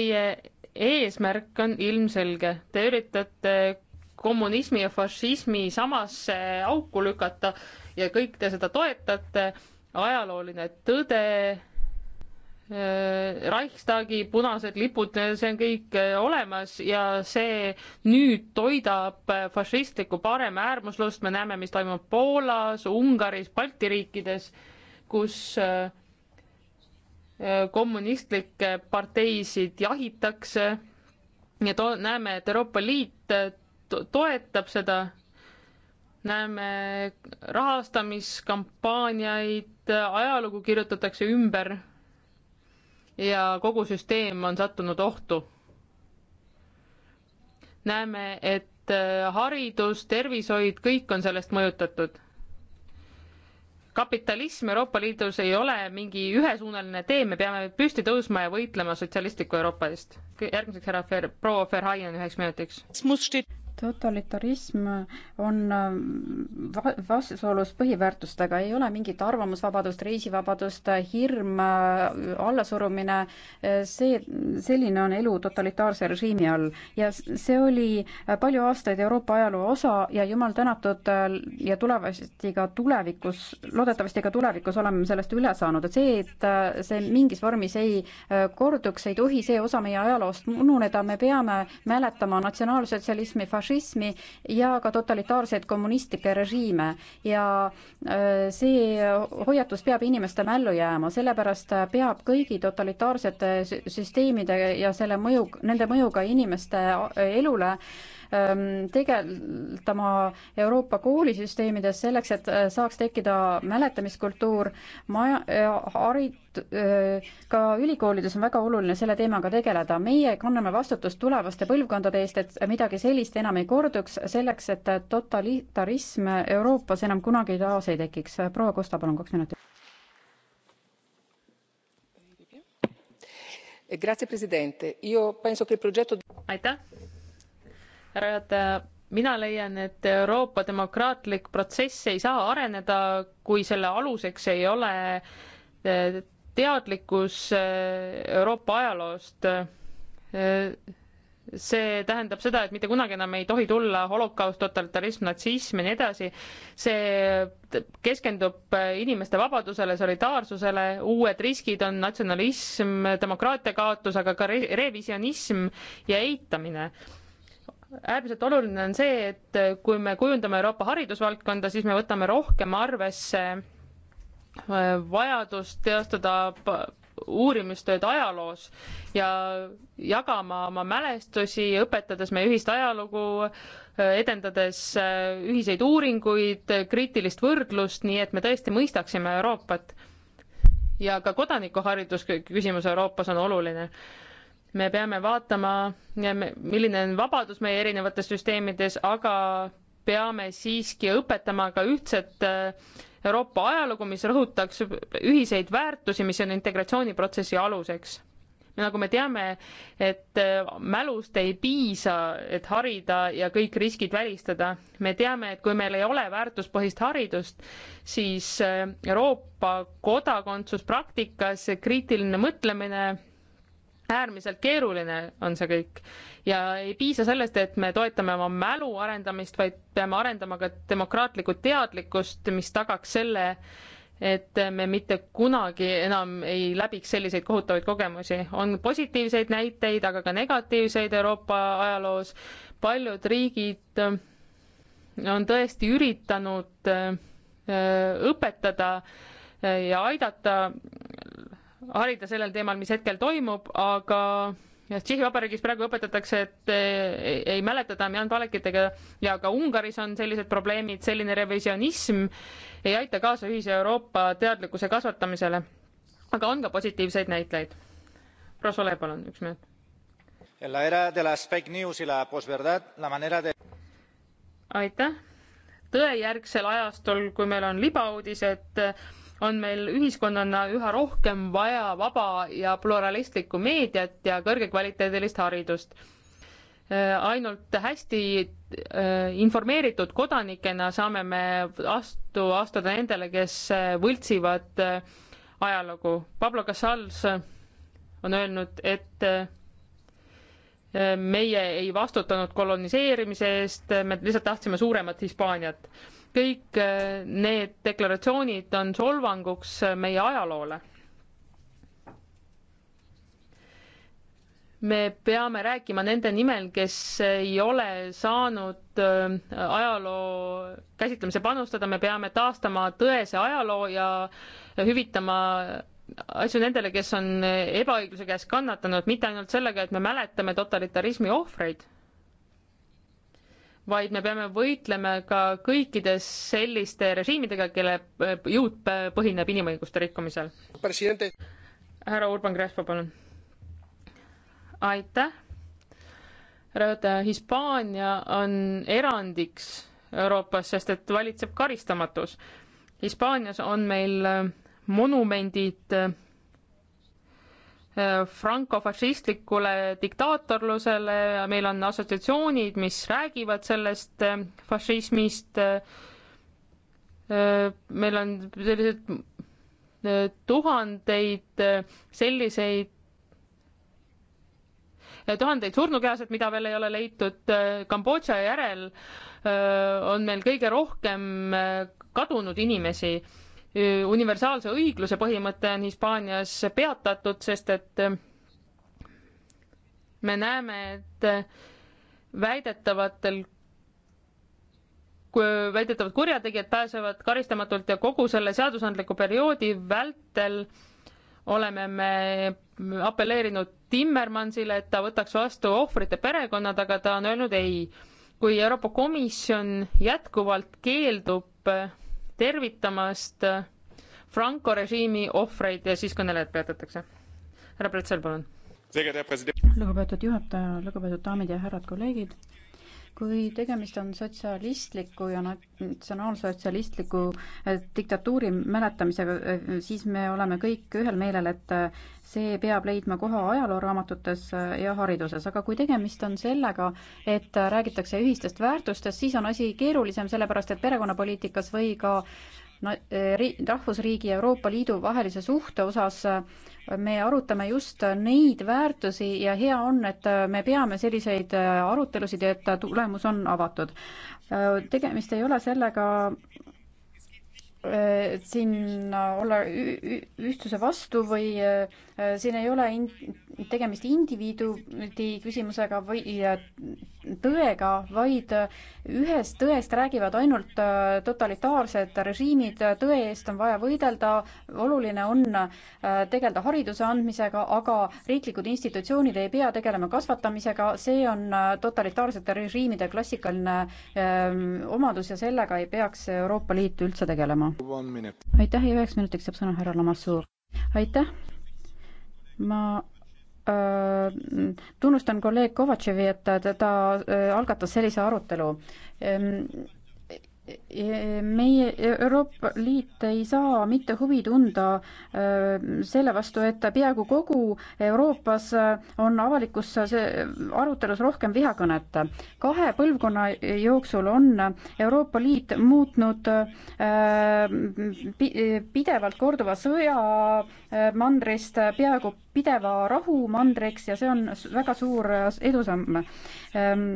Teie eesmärk on ilmselge, te üritate kommunismi ja fašismi samasse auku lükata ja kõik te seda toetate, ajalooline tõde äh,, Reichstagi punased lipud, see on kõik äh, olemas ja see nüüd toidab äh, fašistlikku paremäärmuslust, me näeme, mis toimub Poolas, Ungaris, Balti riikides, kus äh, kommunistlikke parteisid jahitakse ja to-, näeme, et Euroopa Liit äh, to toetab seda, näeme rahastamiskampaaniaid, äh, ajalugu kirjutatakse ümber ja kogu süsteem on sattunud ohtu. näeme, et äh, haridus, tervishoid, kõik on sellest mõjutatud kapitalism Euroopa Liidus ei ole mingi ühesuunaline tee, me peame püsti tõusma ja võitlema sotsialistliku Euroopa eest. järgmiseks härra Fer-, proua Verhaien üheks minutiks totalitarism on ähm, va-, vastuolus põhiväärtustega, ei ole mingit arvamusvabadust, reisivabadust, hirm, äh, allasurumine, äh, see, selline on elu totalitaarse režiimi all. ja see oli äh, palju aastaid Euroopa ajaloo osa ja jumal tänatud ja tulevasti ka tulevikus, loodetavasti ka tulevikus oleme sellest üle saanud, et see, et see mingis vormis ei korduks, ei tohi see osa meie ajaloost ununeda, me peame mäletama natsionaalsotsialismi, fašismi, fašismi ja ka totalitaarseid kommunistlikke režiime ja äh, see hoiatus peab inimeste mällu jääma, sellepärast peab kõigi totalitaarsete süsteemide ja selle mõju, nende mõjuga inimeste äh, elule Ähm, tegeldama Euroopa koolisüsteemides selleks, et äh, saaks tekkida mäletamiskultuur, maja, äh, harid-, äh, ka ülikoolides on väga oluline selle teemaga tegeleda. meie kanname vastutust tulevaste põlvkondade eest, et midagi sellist enam ei korduks, selleks et totalitarism Euroopas enam kunagi taas ei tekiks. proua Kosta, palun kaks minutit. aitäh härra juhataja, mina leian, et Euroopa demokraatlik protsess ei saa areneda, kui selle aluseks ei ole eh, teadlikkus eh, Euroopa ajaloost. Eh, see tähendab seda, et mitte kunagi enam ei tohi tulla holokaust, totalitarism, natsism ja nii edasi. see keskendub inimeste vabadusele, solidaarsusele, uued riskid on natsionalism, demokraatia kaotus, aga ka revisionism ja eitamine äärmiselt oluline on see, et kui me kujundame Euroopa haridusvaldkonda, siis me võtame rohkem arvesse äh, vajadust teostada uurimistööd ajaloos ja jagama oma mälestusi, õpetades meie ühist ajalugu, äh, edendades äh, ühiseid uuringuid, kriitilist võrdlust, nii et me tõesti mõistaksime Euroopat. ja ka kodanikuharidus küsimus Euroopas on oluline me peame vaatama, milline on vabadus meie erinevates süsteemides, aga peame siiski õpetama ka ühtset äh, Euroopa ajalugu, mis rõhutaks ühiseid väärtusi, mis on integratsiooniprotsessi aluseks. nagu me teame, et äh, mälust ei piisa, et harida ja kõik riskid välistada. me teame, et kui meil ei ole väärtuspõhist haridust, siis äh, Euroopa kodakondsus praktikas, kriitiline mõtlemine äärmiselt keeruline on see kõik ja ei piisa sellest, et me toetame oma mälu arendamist, vaid peame arendama ka demokraatlikku teadlikkust, mis tagaks selle, et me mitte kunagi enam ei läbiks selliseid kohutavaid kogemusi. on positiivseid näiteid, aga ka negatiivseid Euroopa ajaloos. paljud riigid on tõesti üritanud äh, õpetada äh, ja aidata harida sellel teemal, mis hetkel toimub, aga Tšehhi Vabariigis praegu õpetatakse, et eh, ei mäletata Jan Palekitega ja ka Ungaris on sellised probleemid, selline revisionism ei aita kaasa ühise Euroopa teadlikkuse kasvatamisele. aga on ka positiivseid näitlejaid. Rosole, palun, üks minut. aitäh. tõejärgsel ajastul, kui meil on libauudised, on meil ühiskonnana üha rohkem vaja vaba ja pluralistlikku meediat ja kõrgekvaliteedilist haridust. Äh, ainult hästi äh, informeeritud kodanikena saame me astu, astuda nendele, kes äh, võltsivad ajalugu. Pablo Casals on öelnud, et meie ei vastutanud koloniseerimise eest, me lihtsalt tahtsime suuremat Hispaaniat kõik äh, need deklaratsioonid on solvanguks äh, meie ajaloole. me peame rääkima nende nimel, kes ei ole saanud äh, ajaloo käsitlemise panustada, me peame taastama tõese ajaloo ja hüvitama asju nendele, kes on ebaõigluse käes kannatanud, mitte ainult sellega, et me mäletame totalitarismi ohvreid vaid me peame võitlema ka kõikides selliste režiimidega, kelle äh, jõud äh, põhineb inimõiguste rikkumisel. härra Urban Crespo, palun. aitäh. härra juhataja, Hispaania on erandiks Euroopas, sest et valitseb karistamatus. Hispaanias on meil äh, monumendid frankofašistlikule diktaatorlusele ja meil on assotsiatsioonid, mis räägivad sellest äh, fašismist. Äh, meil on sellised äh, tuhandeid selliseid tuhandeid surnukehasid, mida veel ei ole leitud. Kambodža järel on meil kõige rohkem kadunud inimesi Äh, universaalse õigluse põhimõte on Hispaanias peatatud, sest et äh, me näeme, et äh, väidetavatel, väidetavad kurjategijad pääsevad karistamatult ja kogu selle seadusandliku perioodi vältel oleme me apelleerinud Timmermansile, et ta võtaks vastu ohvrite perekonnad, aga ta on öelnud ei. kui Euroopa Komisjon jätkuvalt keeldub tervitamast Franco režiimi ohvreid ja siis kõnelejad peatatakse. härra Pretzel, palun. lugupeetud juhataja, lugupeetud daamid ja härrad kolleegid kui tegemist on sotsialistliku ja natsionaalsotsialistliku äh, diktatuuri mäletamisega, äh, siis me oleme kõik ühel meelel, et äh, see peab leidma koha ajalooraamatutes ja hariduses, aga kui tegemist on sellega, et räägitakse ühistest väärtustest, siis on asi keerulisem, sellepärast et perekonnapoliitikas või ka no, rahvusriigi ja Euroopa Liidu vahelise suhte osas me arutame just neid väärtusi ja hea on, et me peame selliseid arutelusid ja et tulemus on avatud. tegemist ei ole sellega, Äh, siin olla ühtsuse vastu või äh, siin ei ole in tegemist indiviidi küsimusega või tõega, vaid ühest tõest räägivad ainult äh, totalitaarsed režiimid, tõe eest on vaja võidelda, oluline on tegeleda hariduse andmisega, aga riiklikud institutsioonid ei pea tegelema kasvatamisega, see on totalitaarsete režiimide klassikaline öö, ähm, omadus ja sellega ei peaks Euroopa Liit üldse tegelema sõna. aitäh ja üheks minutiks saab sõna härra Lamassoor. aitäh. ma äh, tunnustan kolleeg Kovatševi, et ta, ta äh, algatas sellise arutelu ähm, meie Euroopa Liit ei saa mitte huvi tunda äh, selle vastu, et peaaegu kogu Euroopas äh, on avalikus äh, arutelus rohkem vihakõnet. kahe põlvkonna jooksul on Euroopa Liit muutnud pidevalt korduva sõja mandrist peaaegu pideva rahu mandriks ja see on väga suur edusamm ähm,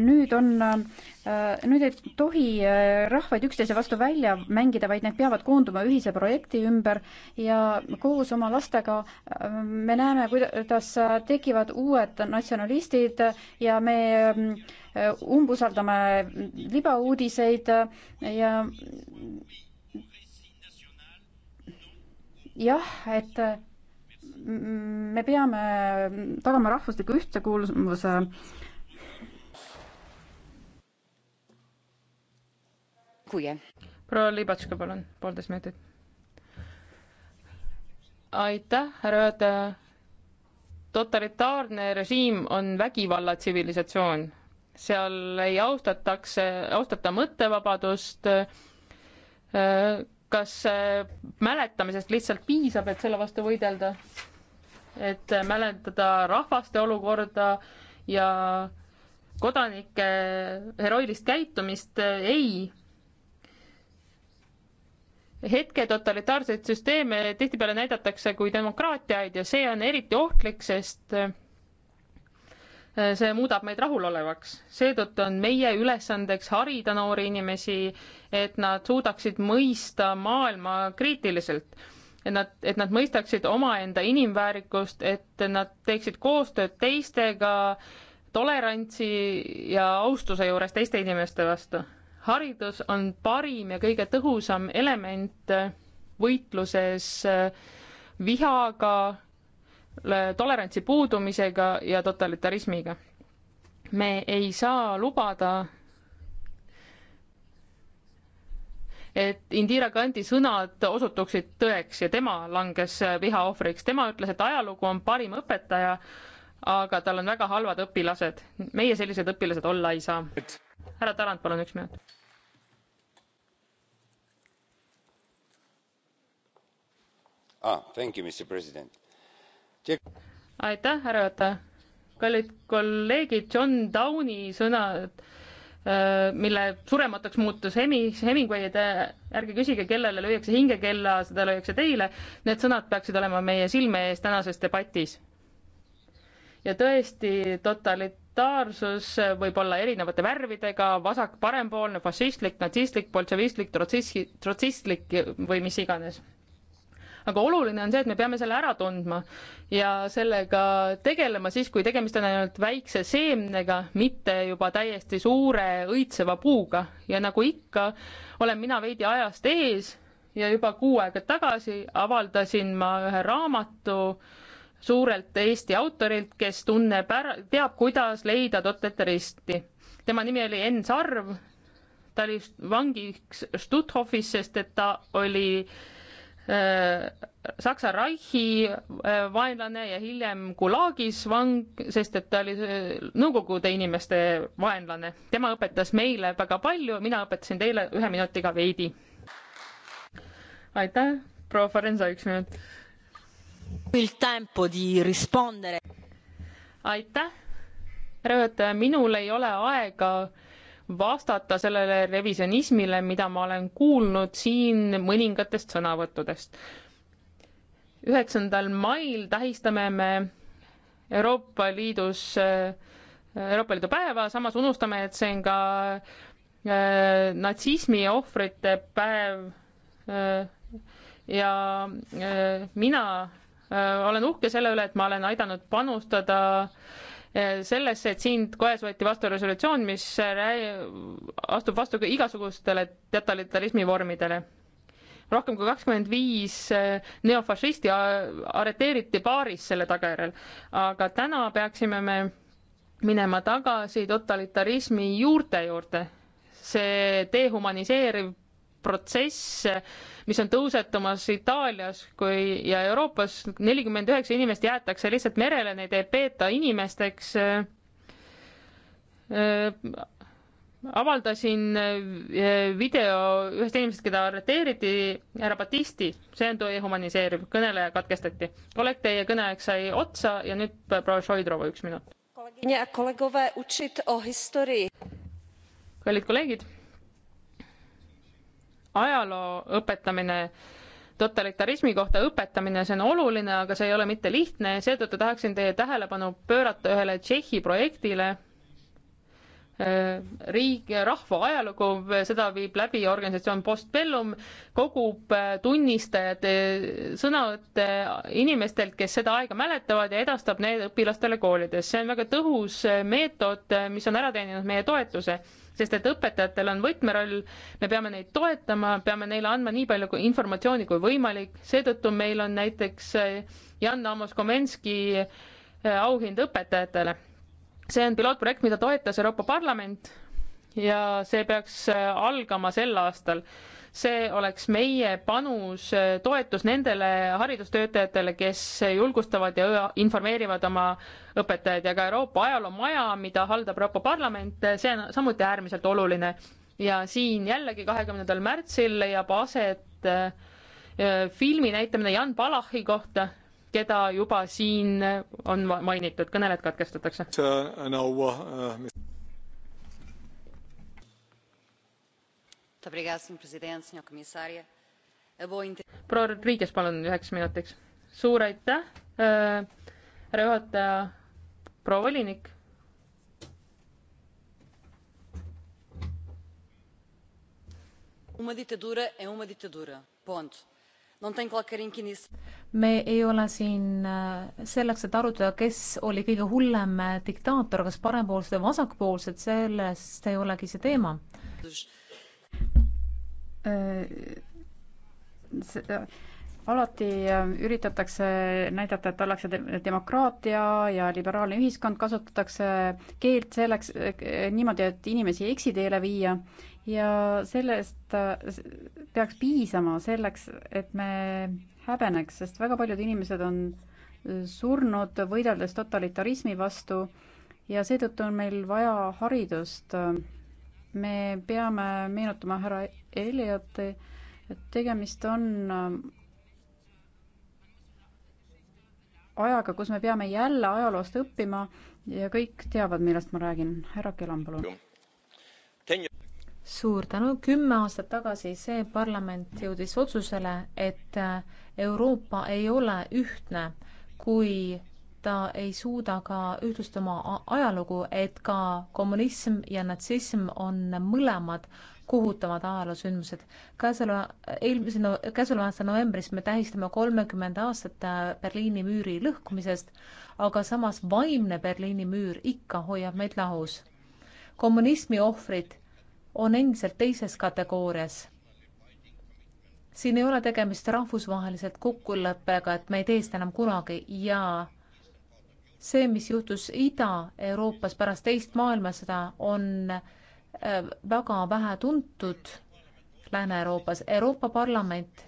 nüüd on, äh, nüüd ei tohi äh, rahvaid üksteise vastu välja mängida, vaid need peavad koonduma ühise projekti ümber ja koos oma lastega äh, me näeme, kuidas tekivad uued natsionalistid ja me umbusaldame libauudiseid ja jah, et me peame tagama rahvusliku ühtekuuluvuse proua Libatška, palun, poolteist minutit. aitäh, härra juhataja. totalitaarne režiim on vägivalla tsivilisatsioon, seal ei austatakse, austata mõttevabadust. kas äh, mäletamisest lihtsalt piisab, et selle vastu võidelda? et mäletada rahvaste olukorda ja kodanike heroilist käitumist, ei hetke totalitaarseid süsteeme tihtipeale näidatakse kui demokraatiaid ja see on eriti ohtlik, sest äh, see muudab meid rahulolevaks. seetõttu on meie ülesandeks harida noori inimesi, et nad suudaksid mõista maailma kriitiliselt. et nad, et nad mõistaksid omaenda inimväärikust, et nad teeksid koostööd teistega tolerantsi ja austuse juures teiste inimeste vastu haridus on parim ja kõige tõhusam element äh, võitluses äh, vihaga, tolerantsi puudumisega ja totalitarismiga. me ei saa lubada, et Indira Gandhi sõnad osutuksid tõeks ja tema langes äh, viha ohvriks. tema ütles, et ajalugu on parim õpetaja aga tal on väga halvad õpilased. meie sellised õpilased olla ei saa. härra Tarand, palun üks minut. Ah, aitäh, härra juhataja. kallid kolleegid, John Downi sõnad, äh, mille surematuks muutus Hemi-, Hemingway, et äh, ärge küsige, kellele lüüakse hingekella, seda lüüakse teile, need sõnad peaksid olema meie silme ees tänases debatis ja tõesti, totalitaarsus võib olla erinevate värvidega, vasak, parempoolne, fašistlik, natsistlik, bolševistlik, trotsistlik, trotsistlik või mis iganes aga oluline on see, et me peame selle ära tundma ja sellega tegelema siis, kui tegemist on ainult väikse seemnega, mitte juba täiesti suure õitseva puuga ja nagu ikka, olen mina veidi ajast ees ja juba kuu aega tagasi avaldasin ma ühe raamatu äh, suurelt Eesti autorilt, kes tunneb ära, teab, kuidas leida totalitaristi. tema nimi oli Enn Sarv, ta oli vangiks Stutthofis, sest et ta oli äh, Saksa Reichi äh, vaenlane ja hiljem Gulagis vang, sest et ta oli äh, Nõukogude inimeste vaenlane. tema õpetas meile väga palju, mina õpetasin teile ühe minutiga veidi. aitäh, proua Forenza, üks minut aitäh, härra juhataja, minul ei ole aega vastata sellele revisjonismile, mida ma olen kuulnud siin mõningatest sõnavõttudest. üheksandal mail tähistame me Euroopa Liidus, Euroopa Liidu päeva, samas unustame, et see on ka äh, natsismi ohvrite päev äh, ja äh, mina Äh, olen uhke selle üle, et ma olen aidanud panustada äh, sellesse, et siin kojas võeti vastu resolutsioon, mis astub vastu igasugustele totalitarismi vormidele. rohkem kui kakskümmend viis äh, neofašisti arreteeriti Paaris selle tagajärjel, aga täna peaksime me minema tagasi totalitarismi juurte juurde. see dehumaniseeriv protsess, mis on tõusetumas Itaalias kui, ja Euroopas, nelikümmend üheksa inimest jäetakse lihtsalt merele, neid ei peeta inimesteks avaldasin eh, video ühest inimesest, keda arreteeriti, härra Batisti, see on tõe humaniseeriv, kõneleja katkestati. kolleeg, teie kõneaeg sai otsa ja nüüd proua Šoidrova, üks minut. kallid kolleegid, ajaloo õpetamine, totalitarismi kohta õpetamine, see on oluline, aga see ei ole mitte lihtne, seetõttu tahaksin teie tähelepanu pöörata ühele Tšehhi projektile, äh, riik, rahva ajalugu, seda viib läbi organisatsioon Postbellum, kogub äh, tunnistajate äh, sõnavõtte inimestelt, kes seda aega mäletavad ja edastab need õpilastele koolides. see on väga tõhus meetod, mis on ära teeninud meie toetuse sest et õpetajatel on võtmeroll, me peame neid toetama, peame neile andma nii palju kui informatsiooni kui võimalik, seetõttu meil on näiteks eh, Jan Amos Komenski eh, auhind õpetajatele. see on pilootprojekt, mida toetas Euroopa Parlament ja see peaks eh, algama sel aastal see oleks meie panus, toetus nendele haridustöötajatele, kes julgustavad ja informeerivad oma õpetajaid ja ka Euroopa ajaloomaja, mida haldab Euroopa Parlament, see on samuti äärmiselt oluline. ja siin jällegi kahekümnendal märtsil leiab aset äh, filmi näitamine Jan Palachi kohta, keda juba siin on mainitud, kõneled katkestatakse. proua Rodriguez, palun üheks minutiks. suur aitäh, äh, härra juhataja, proua volinik. me ei ole siin äh, selleks, et arutada, kes oli kõige hullem äh, diktaator, kas parempoolsed või vasakpoolsed, sellest ei olegi see teema Äh, äh, alati äh, üritatakse näidata, et ollakse demokraatia ja liberaalne ühiskond, kasutatakse keelt selleks niimoodi, et inimesi eksiteele viia ja sellest peaks piisama selleks, et me häbeneks, sest väga paljud inimesed on surnud võideldes totalitarismi vastu ja seetõttu on meil vaja haridust me peame meenutama härra Elioti, et tegemist on äh, ajaga, kus me peame jälle ajaloost õppima ja kõik teavad, millest ma räägin. härra Kelam, palun. suur tänu. kümme aastat tagasi see parlament jõudis otsusele, et äh, Euroopa ei ole ühtne, kui ta ei suuda ka ühtlustama ajalugu, et ka kommunism ja natsism on mõlemad kohutavad ajaloosündmused. käesoleva, eelmise no,, käesoleva aasta novembris me tähistame kolmekümmend aastat äh, Berliini müüri lõhkumisest, aga samas vaimne Berliini müür ikka hoiab meid lahus. kommunismi ohvrid on endiselt teises kategoorias. siin ei ole tegemist rahvusvaheliselt kokkuleppega, et me ei tee seda enam kunagi ja see, mis juhtus Ida-Euroopas pärast teist maailmasõda, on äh, väga vähe tuntud Lääne-Euroopas. Euroopa Parlament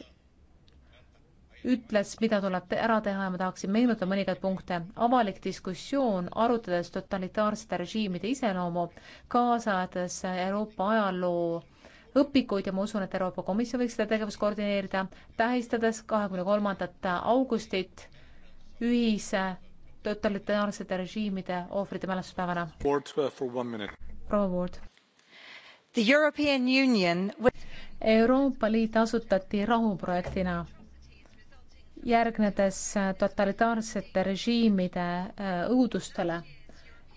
ütles, mida tuleb ära teha ja ma tahaksin meenutada mõningaid punkte. avalik diskussioon, arutades totalitaarsete režiimide iseloomu, kaasajades Euroopa ajaloo õpikuid ja ma usun, et Euroopa Komisjon võiks seda tegevust koordineerida, tähistades kahekümne kolmandat augustit ühise totalitaarsete režiimide ohvrite mälestuspäevana. Uh, proua Ward. Euroopa Liit asutati rahuprojektina, järgnedes äh, totalitaarsete režiimide äh, õudustele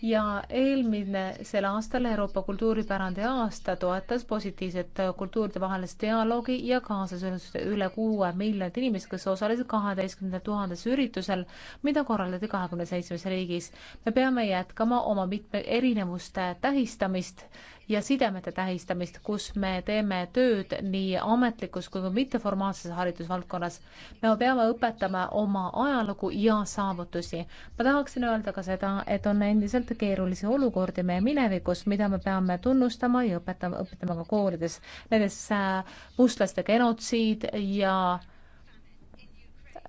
ja eelmine sel aastal Euroopa kultuuripärandi aasta toetas positiivset kultuuridevahelist dialoogi ja kaasas üle kuue miljonit inimest, kes osalesid kaheteistkümnendal tuhandes üritusel, mida korraldati kahekümne seitsmes riigis. me peame jätkama oma mitme erinevuste tähistamist ja sidemete tähistamist, kus me teeme tööd nii ametlikus kui ka mitteformaalses haridusvaldkonnas. me peame õpetama oma ajalugu ja saavutusi. ma tahaksin öelda ka seda, et on endiselt keerulisi olukordi meie minevikus, mida me peame tunnustama ja õpetama, õpetama ka koolides. näiteks äh, mustlaste genotsiid ja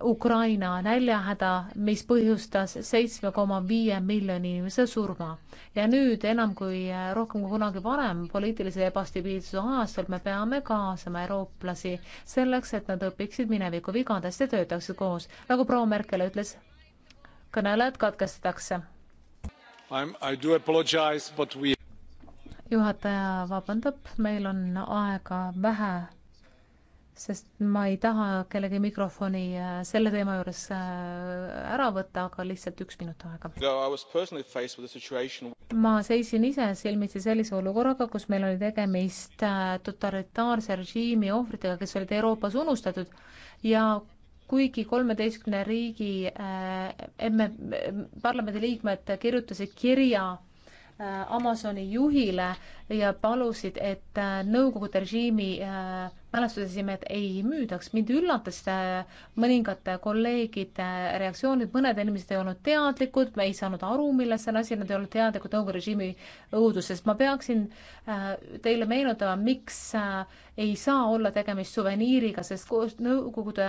Ukraina näljahäda, mis põhjustas seitsme koma viie miljoni inimese surma. ja nüüd enam kui äh, rohkem kui kunagi varem poliitilise ebastabiilsuse ajastul me peame kaasama eurooplasi selleks, et nad õpiksid mineviku vigadest ja töötaksid koos. nagu proua Merkel ütles, kõnelejad katkestatakse. We... juhataja vabandab, meil on aega vähe sest ma ei taha kellegi mikrofoni äh, selle teema juures äh, ära võtta, aga lihtsalt üks minut aega. ma seisin ise silmitsi sellise olukorraga, kus meil oli tegemist äh, totalitaarse režiimi ohvritega, kes olid Euroopas unustatud ja kuigi kolmeteistkümne riigi emme äh, parlamendiliikmed kirjutasid kirja äh, Amazoni juhile ja palusid, et äh, Nõukogude režiimi äh, mälestusesime, et ei müüdaks. mind üllatas äh, mõningate kolleegide äh, reaktsioonid, mõned inimesed ei olnud teadlikud, me ei saanud aru, milles on asi, nad ei olnud teadlikud Nõukogude režiimi õudusest. ma peaksin äh, teile meenutama, miks ei saa olla tegemist suveniiriga, sest koos Nõukogude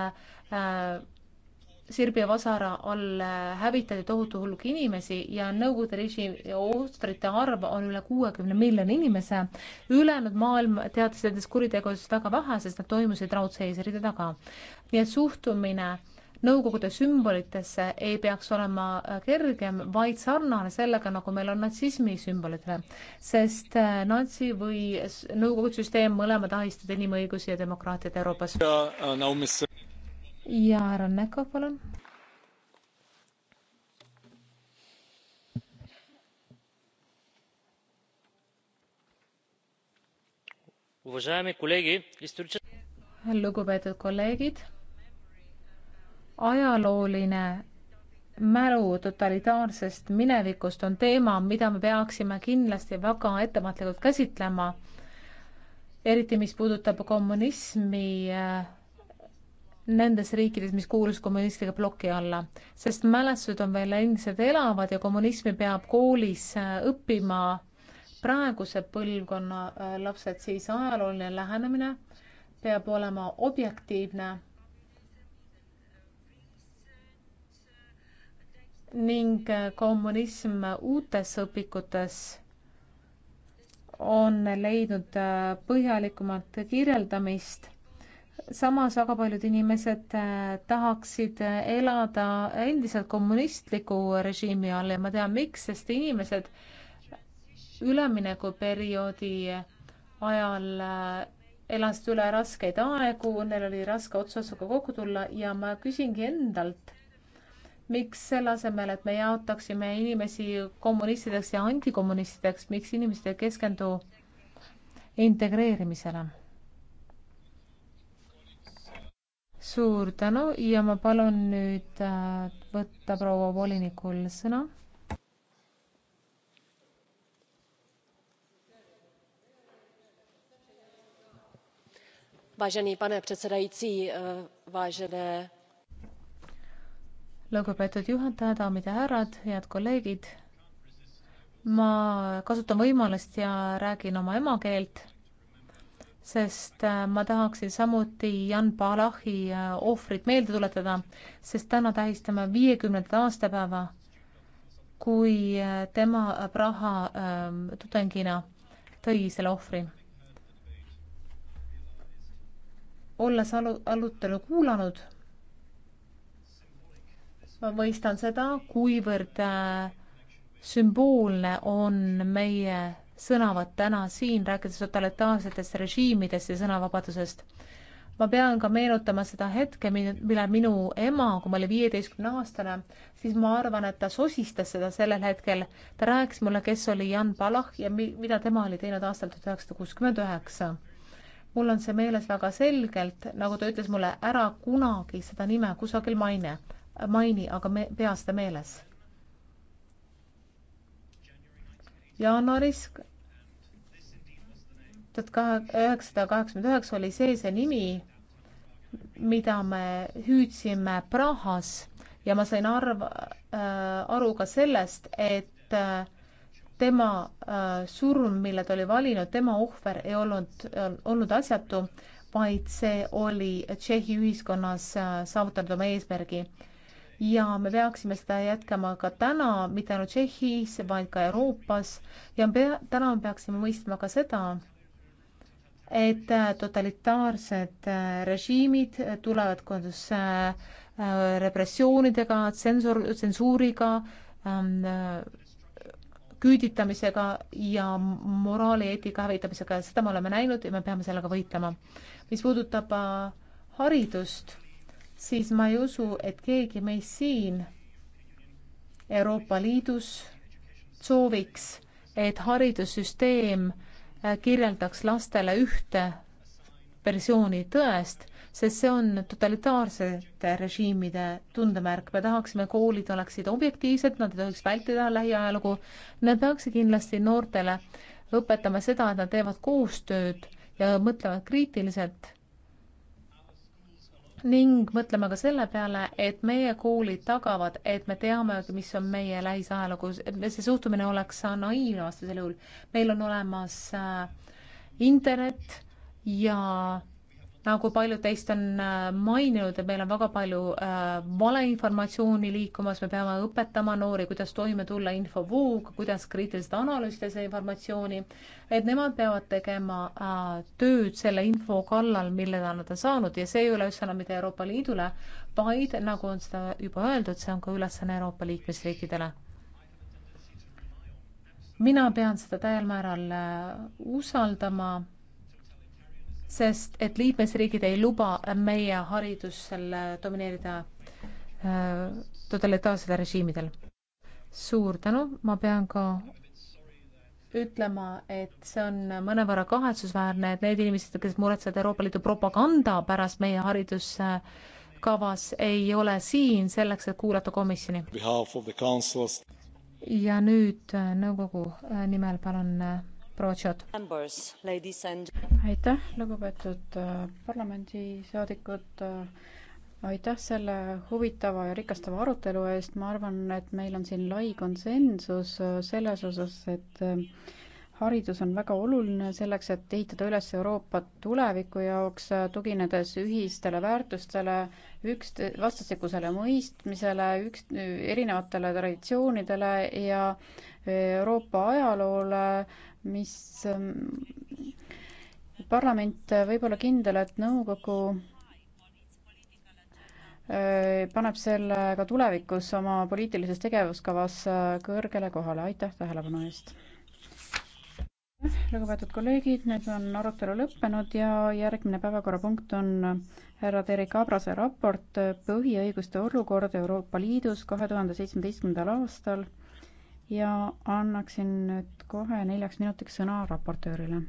Sirbia vasara all hävitati tohutu hulk inimesi ja Nõukogude režiimi ohvrite arv on üle kuuekümne miljoni inimese. ülejäänud maailm teadis nendest kuritegudest väga vähe, sest nad toimusid raudseisride taga. nii et suhtumine Nõukogude sümbolitesse ei peaks olema kergem, vaid sarnane sellega, nagu meil on natsismi sümbolitele, sest äh, natsi või Nõukogude süsteem mõlemad ahistasid inimõigusi ja demokraatiat Euroopas. Äh, ja härra Nekov, palun. lugupeetud kolleegid, ajalooline mälu totalitaarsest minevikust on teema, mida me peaksime kindlasti väga ettevaatlikult käsitlema, eriti mis puudutab kommunismi äh, nendes riikides, mis kuulus kommunistliku ploki alla, sest mälestused on veel endiselt elavad ja kommunismi peab koolis äh, õppima praeguse põlvkonna äh, lapsed, siis ajalooline lähenemine peab olema objektiivne. ning äh, kommunism uutes õpikutes on leidnud põhjalikumat kirjeldamist samas väga paljud inimesed äh, tahaksid äh, elada endiselt kommunistliku režiimi all ja ma tean, miks, sest inimesed üleminekuperioodi ajal äh, elasid üle raskeid aegu, neil oli raske ots otsaga kokku tulla ja ma küsingi endalt, miks selle asemel, et me jaotaksime inimesi kommunistideks ja antikommunistideks, miks inimesed ei keskendu integreerimisele suur tänu ja ma palun nüüd äh, võtta proua volinikul sõna. vážený pane předsedající eh, vážené lugupeetud juhataja daamid ja härrad head kolleegid ma kasutan võimalust ja räägin oma emakeelt sest äh, ma tahaksin samuti Jan Palachi äh, ohvrit meelde tuletada, sest täna tähistame viiekümnendat aastapäeva, kui äh, tema Praha ähm, tudengina tõi selle ohvri. olles alu-, arutelu kuulanud, ma mõistan seda, kuivõrd äh, sümboolne on meie sõnavõtt täna siin, rääkides totalitaarsetest režiimidest ja sõnavabadusest. ma pean ka meenutama seda hetke, mille minu ema, kui ma olin viieteistkümne aastane, siis ma arvan, et ta sosistas seda sellel hetkel. ta rääkis mulle, kes oli Jan Palach ja mi-, mida tema oli teinud aastal tuhat üheksasada kuuskümmend üheksa. mul on see meeles väga selgelt, nagu ta ütles mulle, ära kunagi seda nime kusagil maine, maini, aga me, pea seda meeles jaanuaris tuhat üheksasada kaheksakümmend üheksa oli see see nimi, mida me hüüdsime Prahas ja ma sain arv äh,, aru ka sellest, et äh, tema äh, surm, mille ta oli valinud, tema ohver ei olnud, äh, olnud asjatu, vaid see oli Tšehhi ühiskonnas äh, saavutanud oma eesmärgi äh, ja me peaksime seda jätkama ka täna, mitte ainult Tšehhis, vaid ka Euroopas ja pea, täna me peaksime mõistma ka seda, et äh, totalitaarsed äh, režiimid tulevad koos äh, repressioonidega, tsensor, tsensuuriga, ähm, küüditamisega ja moraalieetika hävitamisega ja seda me oleme näinud ja me peame sellega võitlema. mis puudutab haridust siis ma ei usu, et keegi meist siin Euroopa Liidus sooviks, et haridussüsteem äh, kirjeldaks lastele ühte versiooni tõest, sest see on totalitaarsete režiimide tundemärk. me tahaksime, koolid oleksid objektiivsed, nad ei tohiks vältida lähiajalugu. Nad peaksid kindlasti noortele õpetama seda, et nad teevad koostööd ja mõtlevad kriitiliselt ning mõtlema ka selle peale, et meie koolid tagavad, et me teame, mis on meie lähisajalugu, see suhtumine oleks naiivne vastasel juhul. meil on olemas äh, internet ja nagu paljud teist on äh, maininud, et meil on väga palju äh, valeinformatsiooni liikumas, me peame õpetama noori, kuidas toime tulla infovooga, kuidas kriitiliselt analüüsida seda informatsiooni, et nemad peavad tegema äh, tööd selle info kallal, mille nad on saanud ja see ei ole ülesanne mitte Euroopa Liidule, vaid nagu on seda juba öeldud, see on ka ülesanne Euroopa liikmesriikidele mina pean seda täiel määral äh, usaldama sest et liikmesriigid ei luba meie haridusel äh, domineerida äh, totalitaarsetel režiimidel. suur tänu, ma pean ka ütlema, et see on mõnevõrra kahetsusväärne, et need inimesed, kes muretsevad Euroopa Liidu propaganda pärast meie hariduskavas, ei ole siin selleks, et kuulata komisjoni. ja nüüd äh, nõukogu nimel palun proua Tšot. aitäh, lugupeetud äh, parlamendisaadikud. Äh, aitäh selle huvitava ja rikastava arutelu eest. ma arvan, et meil on siin lai konsensus äh, selles osas, et haridus on väga oluline selleks, et ehitada üles Euroopat tuleviku jaoks, tuginedes ühistele väärtustele, üks, vastastikusele mõistmisele, üks, erinevatele traditsioonidele ja Euroopa ajaloole, mis ähm, parlament võib olla kindel, et nõukogu äh, paneb selle ka tulevikus oma poliitilises tegevuskavas äh, kõrgele kohale. aitäh tähelepanu eest! lugupeetud kolleegid, nüüd on arutelu lõppenud ja järgmine päevakorrapunkt on härra Terik Abrase raport äh, Põhiõiguste olukord Euroopa Liidus kahe tuhande seitsmeteistkümnendal aastal ja annaksin nüüd kohe neljaks minutiks sõna raportöörile.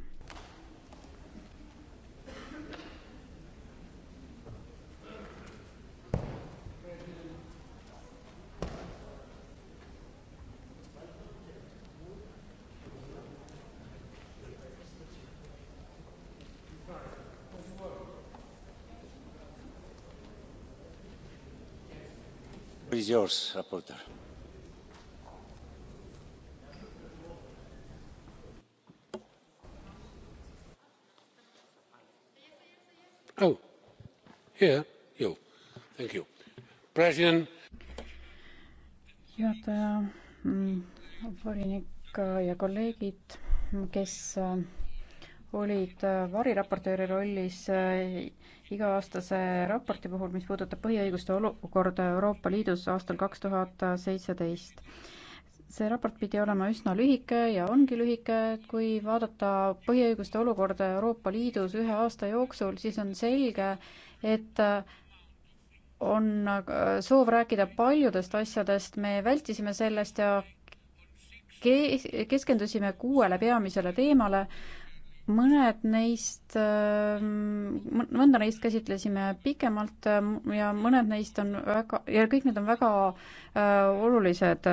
Is yours, reporter. juhataja mm, volinik äh, ja kolleegid kes äh, olid äh, variraportööri rollis iga-aastase raporti puhul mis puudutab põhiõiguste olukorda euroopa liidus aastal kaks tuhat seitseteist see raport pidi olema üsna lühike ja ongi lühike, kui vaadata põhiõiguste olukorda Euroopa Liidus ühe aasta jooksul, siis on selge, et on soov rääkida paljudest asjadest, me vältisime sellest ja keskendusime kuuele peamisele teemale mõned neist, ähm, mõnda neist käsitlesime pikemalt äh, ja mõned neist on väga, ja kõik need on väga äh, olulised.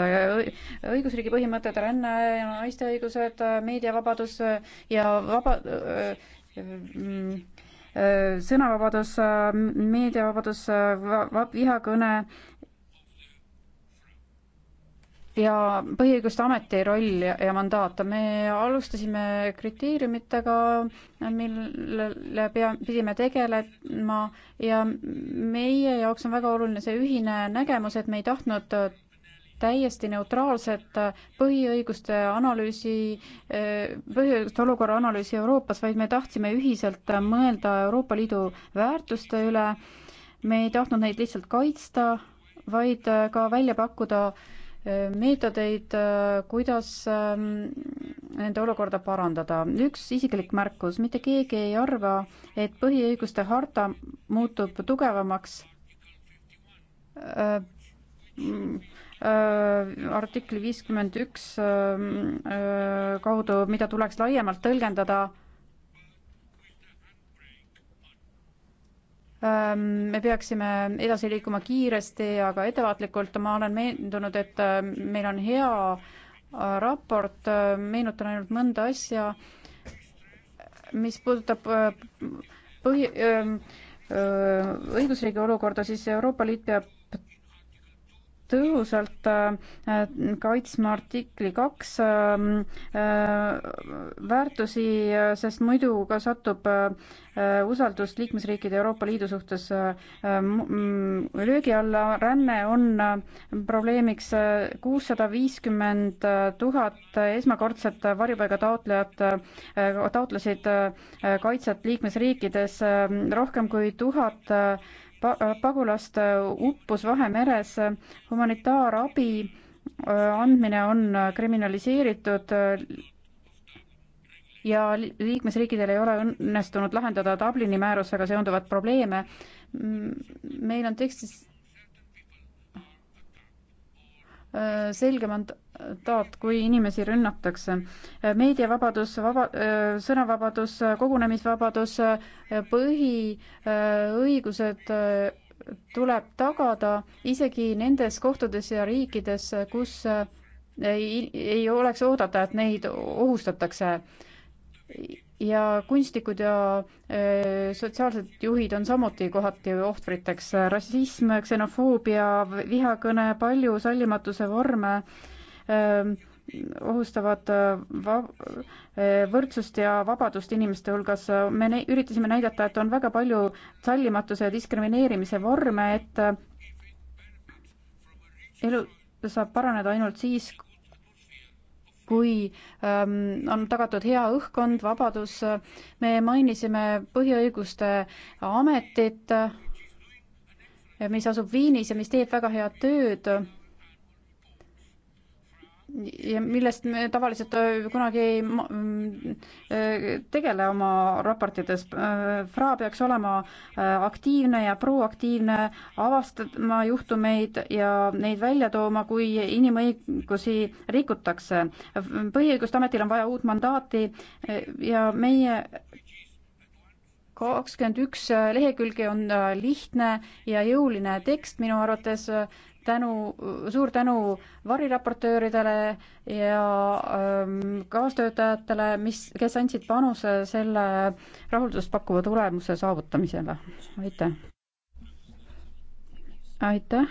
õigusriigi põhimõtted, ränne, naiste õigused, äh, meediavabadus ja vaba mm, sõnavabadus, meediavabadus, vihakõne ja Põhiõiguste Ameti roll ja, ja mandaat. me alustasime kriteeriumitega, millele pea, pidime tegelema ja meie jaoks on väga oluline see ühine nägemus, et me ei tahtnud täiesti neutraalset põhiõiguste analüüsi, põhiõiguste olukorra analüüsi Euroopas, vaid me tahtsime ühiselt mõelda Euroopa Liidu väärtuste üle. me ei tahtnud neid lihtsalt kaitsta, vaid ka välja pakkuda äh, meetodeid, äh, kuidas ähm, nende olukorda parandada. üks isiklik märkus, mitte keegi ei arva, et põhiõiguste harta muutub tugevamaks äh, äh, artikli viiskümmend üks ähm, kaudu, mida tuleks laiemalt tõlgendada Ehm, me peaksime edasi liikuma kiiresti, aga ettevaatlikult ma olen meenunud, et ehm, meil on hea äh, raport, ehm, meenutan ainult mõnda asja, mis puudutab äh, põhi, äh, õigusriigi olukorda, siis Euroopa Liit peab tõhusalt äh, kaitsma artikli kaks äh, äh, väärtusi, sest muidu ka satub usaldus liikmesriikide Euroopa Liidu suhtes löögi alla. ränne on probleemiks kuussada viiskümmend tuhat esmakordset varjupaiga taotlejat taotlesid kaitset liikmesriikides rohkem kui tuhat pagulast äh, uppus Vahemeres, äh, humanitaarabi äh, andmine on kriminaliseeritud ja liikmesriikidel ei ole õnnestunud lahendada Dublini määrusega seonduvat probleeme. meil on tekstis selge mand-, mandaat, kui inimesi rünnatakse. meediavabadus, vaba, sõnavabadus, kogunemisvabadus, põhiõigused tuleb tagada isegi nendes kohtades ja riikides, kus ei, ei oleks oodata, et neid ohustatakse. ja kunstnikud ja äh, sotsiaalsed juhid on samuti kohati ohvriteks. rassism, ksenofoobia, vihakõne, palju sallimatuse vorme äh, Ähm, ohustavad äh, äh, võrdsust ja vabadust inimeste hulgas. me ne üritasime näidata, et on väga palju sallimatuse ja diskrimineerimise vorme, et äh, elu saab paraneda ainult siis, kui ähm, on tagatud hea õhkkond, vabadus. me mainisime põhiõiguste ametit, mis asub Viinis ja mis teeb väga head tööd ja millest me tavaliselt äh, kunagi ei mm, äh, tegele oma raportides. Äh, FRA peaks olema aktiivne ja proaktiivne, avastama juhtumeid ja neid välja tooma, kui inimõigusi rikutakse. põhiõiguste ametil on vaja uut mandaati ja meie kakskümmend üks lehekülge on lihtne ja jõuline tekst minu arvates tänu, suur tänu variraportööridele ja ähm, kaastöötajatele, mis, kes andsid panuse selle rahuldust pakkuva tulemuse saavutamisele. aitäh! aitäh!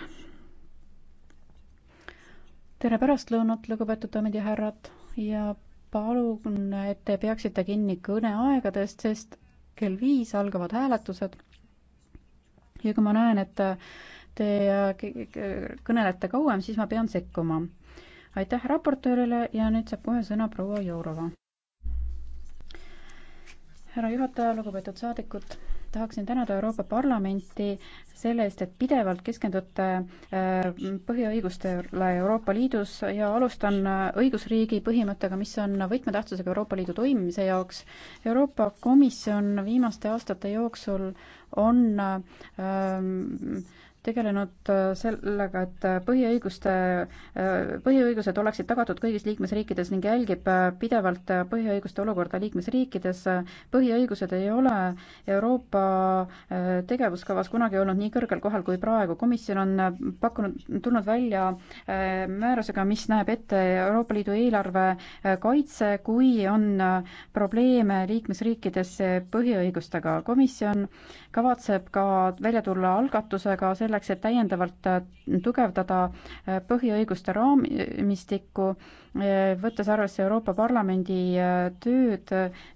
tere pärastlõunat, lugupeetud daamid ja härrad ja palun, et te peaksite kinni kõneaegadest, sest kell viis algavad hääletused. ja kui ma näen, et te kõnelete kauem, siis ma pean sekkuma. aitäh raportöörile ja nüüd saab kohe sõna proua Jourova. härra juhataja, lugupeetud saadikud, tahaksin tänada Euroopa Parlamenti selle eest, et pidevalt keskendute äh, põhiõigustele Euroopa Liidus ja alustan äh, õigusriigi põhimõttega, mis on võtmetähtsusega Euroopa Liidu toimimise jaoks. Euroopa Komisjon viimaste aastate jooksul on ähm, tegelenud äh, sellega, et äh, põhiõiguste, äh, põhiõigused oleksid tagatud kõigis liikmesriikides ning jälgib pidevalt põhiõiguste olukorda liikmesriikides. põhiõigused ei ole Euroopa tegevuskavas kunagi olnud nii kõrgel kohal kui praegu. komisjon on pakkunud, tulnud välja määrusega, mis näeb ette Euroopa Liidu eelarve kaitse, kui on probleeme liikmesriikides põhiõigustega. komisjon kavatseb ka välja tulla algatusega selle selleks, et täiendavalt äh, tugevdada äh, põhiõiguste raamistikku, äh, võttes arvesse Euroopa Parlamendi tööd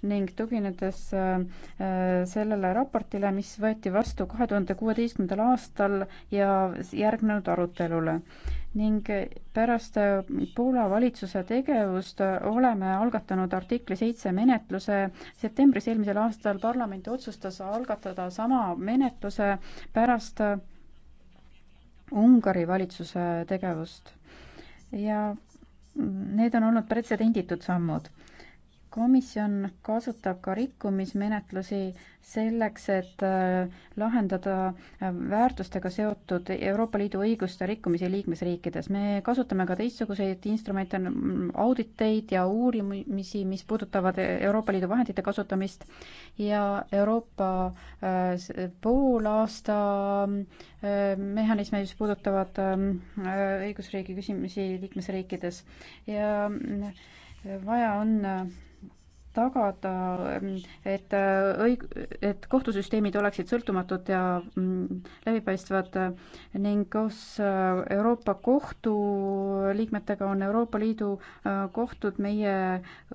ning tuginedes sellele raportile, mis võeti vastu kahe tuhande kuueteistkümnendal aastal ja järgnenud arutelule ning pärast Poola valitsuse tegevust oleme algatanud artikli seitse menetluse. septembris eelmisel aastal parlament otsustas algatada sama menetluse pärast Ungari valitsuse tegevust ja need on olnud pretsedenditud sammud komisjon kasutab ka rikkumismenetlusi selleks, et äh, lahendada äh, väärtustega seotud Euroopa Liidu õiguste rikkumisi liikmesriikides. me kasutame ka teistsuguseid instrumente, auditeid ja uurimisi, mis puudutavad Euroopa Liidu vahendite kasutamist ja Euroopa äh, poolaasta mehhanisme, mis puudutavad õigusriigi küsimusi liikmesriikides ja vaja on tagada, et õig-, et kohtusüsteemid oleksid sõltumatud ja mm, läbipaistvad ning koos Euroopa Kohtu liikmetega on Euroopa Liidu kohtud meie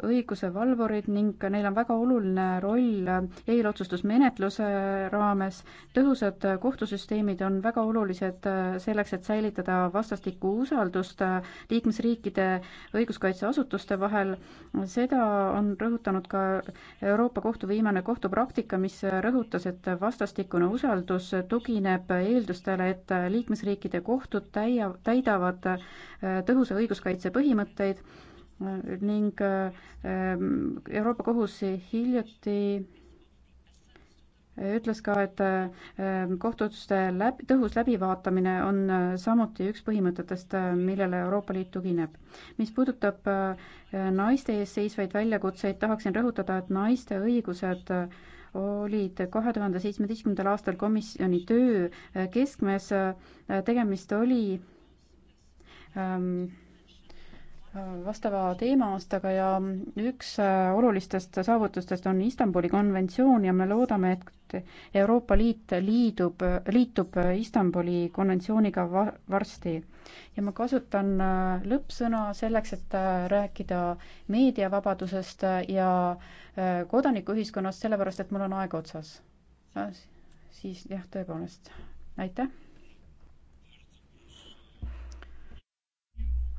õiguse valvurid ning neil on väga oluline roll eelotsustusmenetluse raames. tõhusad kohtusüsteemid on väga olulised selleks, et säilitada vastastikku usaldust liikmesriikide õiguskaitseasutuste vahel, seda on rõhutanud mõjutanud ka Euroopa Kohtu viimane kohtupraktika, mis rõhutas, et vastastikune usaldus tugineb eeldustele, et liikmesriikide kohtud täia, täidavad äh, tõhusa õiguskaitse põhimõtteid äh, ning äh, Euroopa Kohus hiljuti ütles ka, et äh, kohtuotsuste läbi, tõhus läbivaatamine on äh, samuti üks põhimõtetest, äh, millele Euroopa Liit tugineb. mis puudutab naiste ees seisvaid väljakutseid, tahaksin rõhutada, et naiste õigused olid kahe tuhande seitsmeteistkümnendal aastal komisjoni töö keskmes, tegemist oli ähm, vastava teema-aastaga ja üks äh, olulistest saavutustest on Istanbuli konventsioon ja me loodame, et Euroopa Liit liidub, liitub Istanbuli konventsiooniga va-, varsti. ja ma kasutan äh, lõppsõna selleks, et äh, rääkida meediavabadusest ja kodanikuühiskonnast, sellepärast et mul on aeg otsas. Ah, siis jah, tõepoolest, aitäh.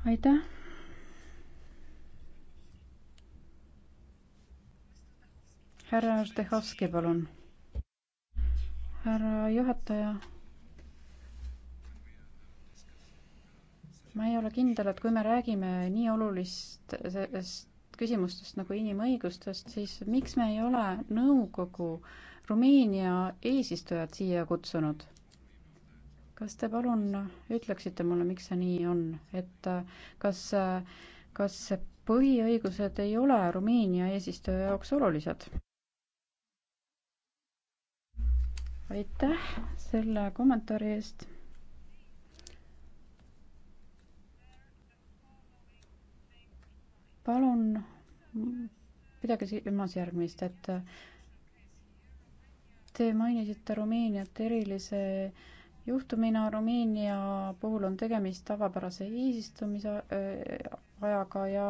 aitäh härra Štehovski, palun. härra juhataja. ma ei ole kindel, et kui me räägime nii olulist küsimustest nagu inimõigustest, siis miks me ei ole nõukogu Rumeenia eesistujat siia kutsunud? kas te palun ütleksite mulle, miks see nii on, et äh, kas, äh, kas põhiõigused ei ole Rumeenia eesistuja jaoks olulised? aitäh selle kommentaari eest. palun pidage silmas järgmist, et te mainisite Rumeeniat erilise juhtumina Rumeenia puhul on tegemist tavapärase eesistumise äh, ajaga ja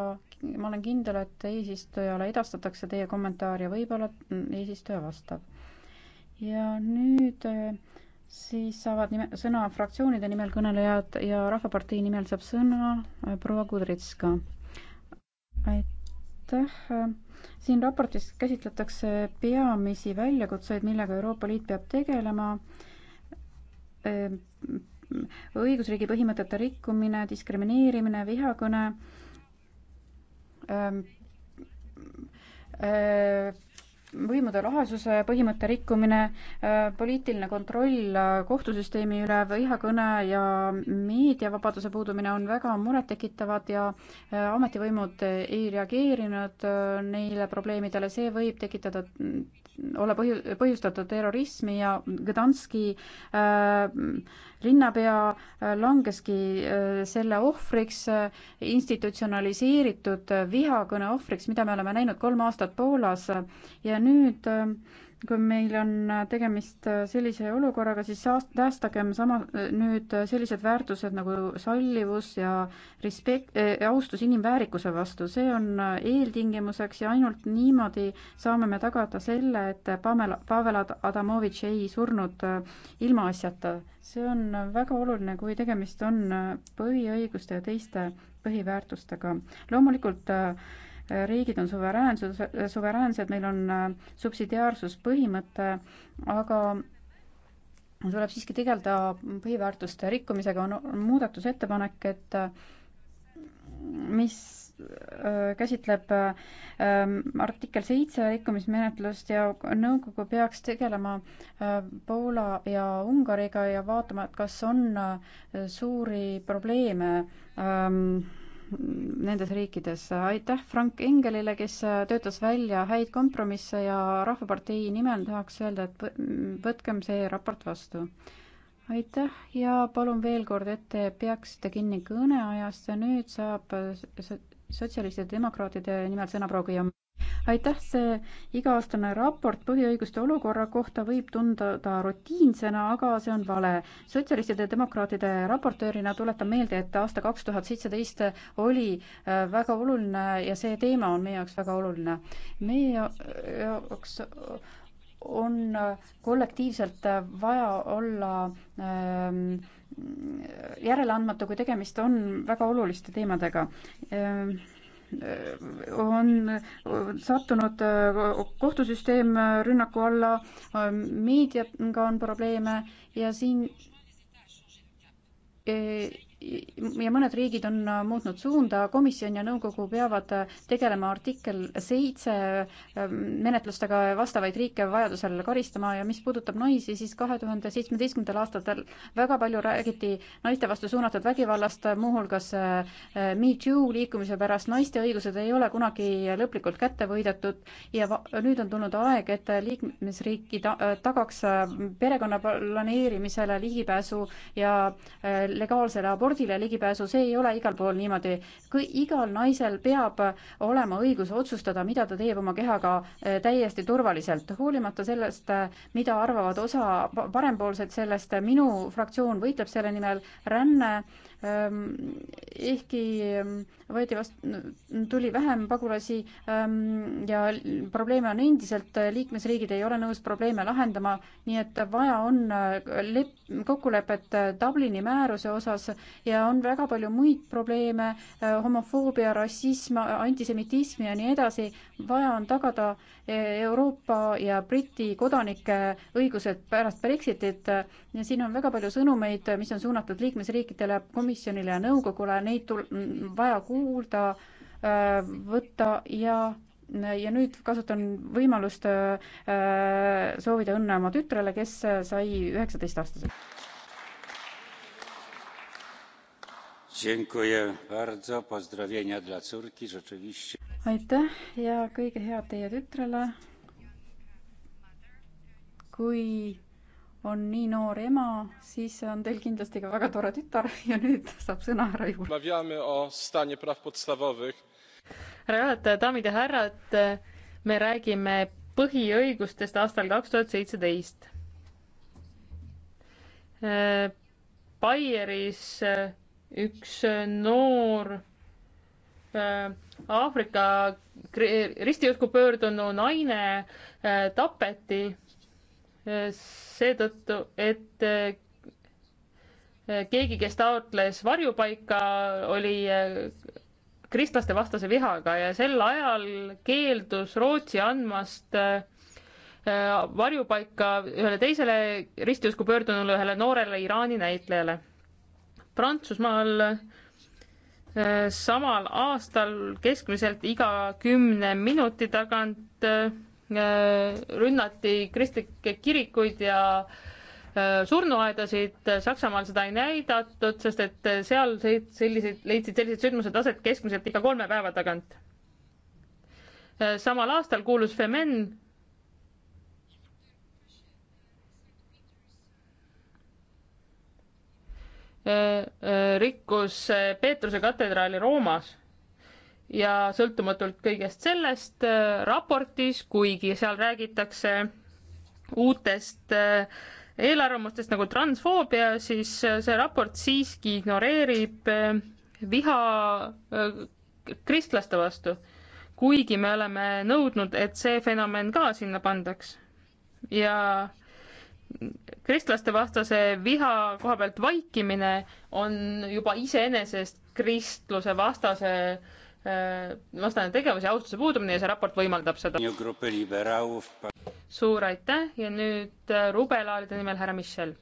ma olen kindel, et eesistujale edastatakse teie kommentaar ja võib-olla eesistuja vastab ja nüüd äh, siis saavad nime, sõna fraktsioonide nimel kõnelejad ja Rahvapartei nimel saab sõna äh, proua Kudritska. aitäh. siin raportis käsitletakse peamisi väljakutseid, millega Euroopa Liit peab tegelema. Äh, õigusriigi põhimõtete rikkumine, diskrimineerimine, vihakõne võimude lahasuse põhimõtte rikkumine, äh, poliitiline kontroll äh, kohtusüsteemi üle, vihakõne ja meediavabaduse puudumine on väga murettekitavad ja äh, ametivõimud ei reageerinud neile probleemidele, see võib tekitada olla põhju-, põhjustatud terrorismi ja Gdanski äh, linnapea langeski äh, selle ohvriks äh,, institutsionaliseeritud vihakõne ohvriks, mida me oleme näinud kolm aastat Poolas ja nüüd, äh, kui meil on äh, tegemist äh, sellise olukorraga, siis taastagem sama, nüüd sellised väärtused nagu sallivus ja respekt äh,, austus inimväärikuse vastu, see on eeltingimuseks ja ainult niimoodi saame me tagada selle, et Pamela, Pavel Adamovitš ei surnud ilmaasjata. see on väga oluline, kui tegemist on põhiõiguste ja teiste põhiväärtustega. loomulikult äh, riigid on suveräänsus, suveräänsed, meil on äh, subsidiaarsuspõhimõte, aga tuleb siiski tegeleda põhiväärtuste rikkumisega, on muudatusettepanek, et äh, mis äh, käsitleb ähm, artikkel seitse rikkumismenetlust ja nõukogu peaks tegelema Poola ja Ungariga ja vaatama, et kas on suuri probleeme ähm, nendes riikides. aitäh Frank Engelile, kes töötas välja häid kompromisse ja Rahvapartei nimel tahaks öelda, et võtkem see raport vastu. aitäh ja palun veel kord, et te peaksite kinni kõneajast ja nüüd saab sotsialistide demokraatide nimel sõna proua Guillaume aitäh, see iga-aastane raport põhiõiguste olukorra kohta võib tunduda rutiinsena, aga see on vale. sotsialistide ja demokraatide raportöörina tuletan meelde, et aasta kaks tuhat seitseteist oli äh, väga oluline ja see teema on meie jaoks väga oluline. meie jaoks on äh, kollektiivselt äh, vaja olla ähm, järeleandmatu, kui tegemist on väga oluliste teemadega on sattunud äh, kohtusüsteem rünnaku alla, äh, meediaga on probleeme ja siin äh, ja mõned riigid on muutnud suunda, komisjon ja nõukogu peavad tegelema artikkel seitse ähm, menetlustega ja vastavaid riike vajadusel karistama ja mis puudutab naisi, siis kahe tuhande seitsmeteistkümnendal aastatel väga palju räägiti naiste vastu suunatud vägivallast, muuhulgas äh, Me Too liikumise pärast, naiste õigused ei ole kunagi lõplikult kätte võidetud ja nüüd on tulnud aeg, et liikmesriiki ta äh, tagaks äh, perekonna planeerimisele ligipääsu ja legaalsele abordile, spordile ligipääsu, see ei ole igal pool niimoodi. igal naisel peab olema õigus otsustada, mida ta teeb oma kehaga eh, täiesti turvaliselt, hoolimata sellest, eh, mida arvavad osa parempoolsed sellest, eh, minu fraktsioon võitleb selle nimel, ränne äh, Ehm, ehkki ehm, võeti vastu, tuli vähem pagulasi ehm, ja probleeme on endiselt, äh, liikmesriigid ei ole nõus probleeme lahendama, nii et vaja on äh, lep-, kokkulepet äh, Dublini määruse osas ja on väga palju muid probleeme, homofoobia, rassism, antisemitism ja nii edasi, vaja on tagada e, Euroopa ja Briti kodanike õigused pärast Brexitit ja siin on väga palju sõnumeid, mis on suunatud liikmesriikidele, komi-, komisjonile ja nõukogule, neid tul-, vaja kuulda, äh, võtta ja ja nüüd kasutan võimalust äh, soovida õnne oma tütrele, kes sai üheksateistaastaselt. aitäh ja kõige head teie tütrele. kui on nii noor ema, siis on teil kindlasti ka väga tore tütar ja nüüd saab sõna härra Juur. härra juhataja, daamid ja härrad, me räägime põhiõigustest aastal kaks tuhat seitseteist. Äh, Baieris äh, üks äh, noor Aafrika ristiusku pöördunu naine tapeti seetõttu, et eh, keegi, kes taotles varjupaika, oli eh, kristlaste vastase vihaga ja sel ajal keeldus Rootsi andmast eh, varjupaika ühele teisele ristiusku pöördunule, ühele noorele Iraani näitlejale. Prantsusmaal samal aastal keskmiselt iga kümne minuti tagant Äh, rünnati kristlikke kirikuid ja äh, surnuaedasid, Saksamaal seda ei näidatud, sest et seal selliseid, leidsid sellised sündmused aset keskmiselt iga kolme päeva tagant. Äh, samal aastal kuulus Femen rikkus Peetruse katedraali Roomas ja sõltumatult kõigest sellest äh, raportis, kuigi seal räägitakse uutest äh, eelarvamustest nagu transfoobia, siis äh, see raport siiski ignoreerib viha kristlaste vastu. kuigi me oleme nõudnud, et see fenomen ka sinna pandaks. ja kristlaste vastase viha koha pealt vaikimine on juba iseenesest kristluse vastase Äh, vastane tegevus ja austuse puudumine ja see raport võimaldab seda. suur aitäh ja nüüd äh, rubelaalide nimel härra Michel.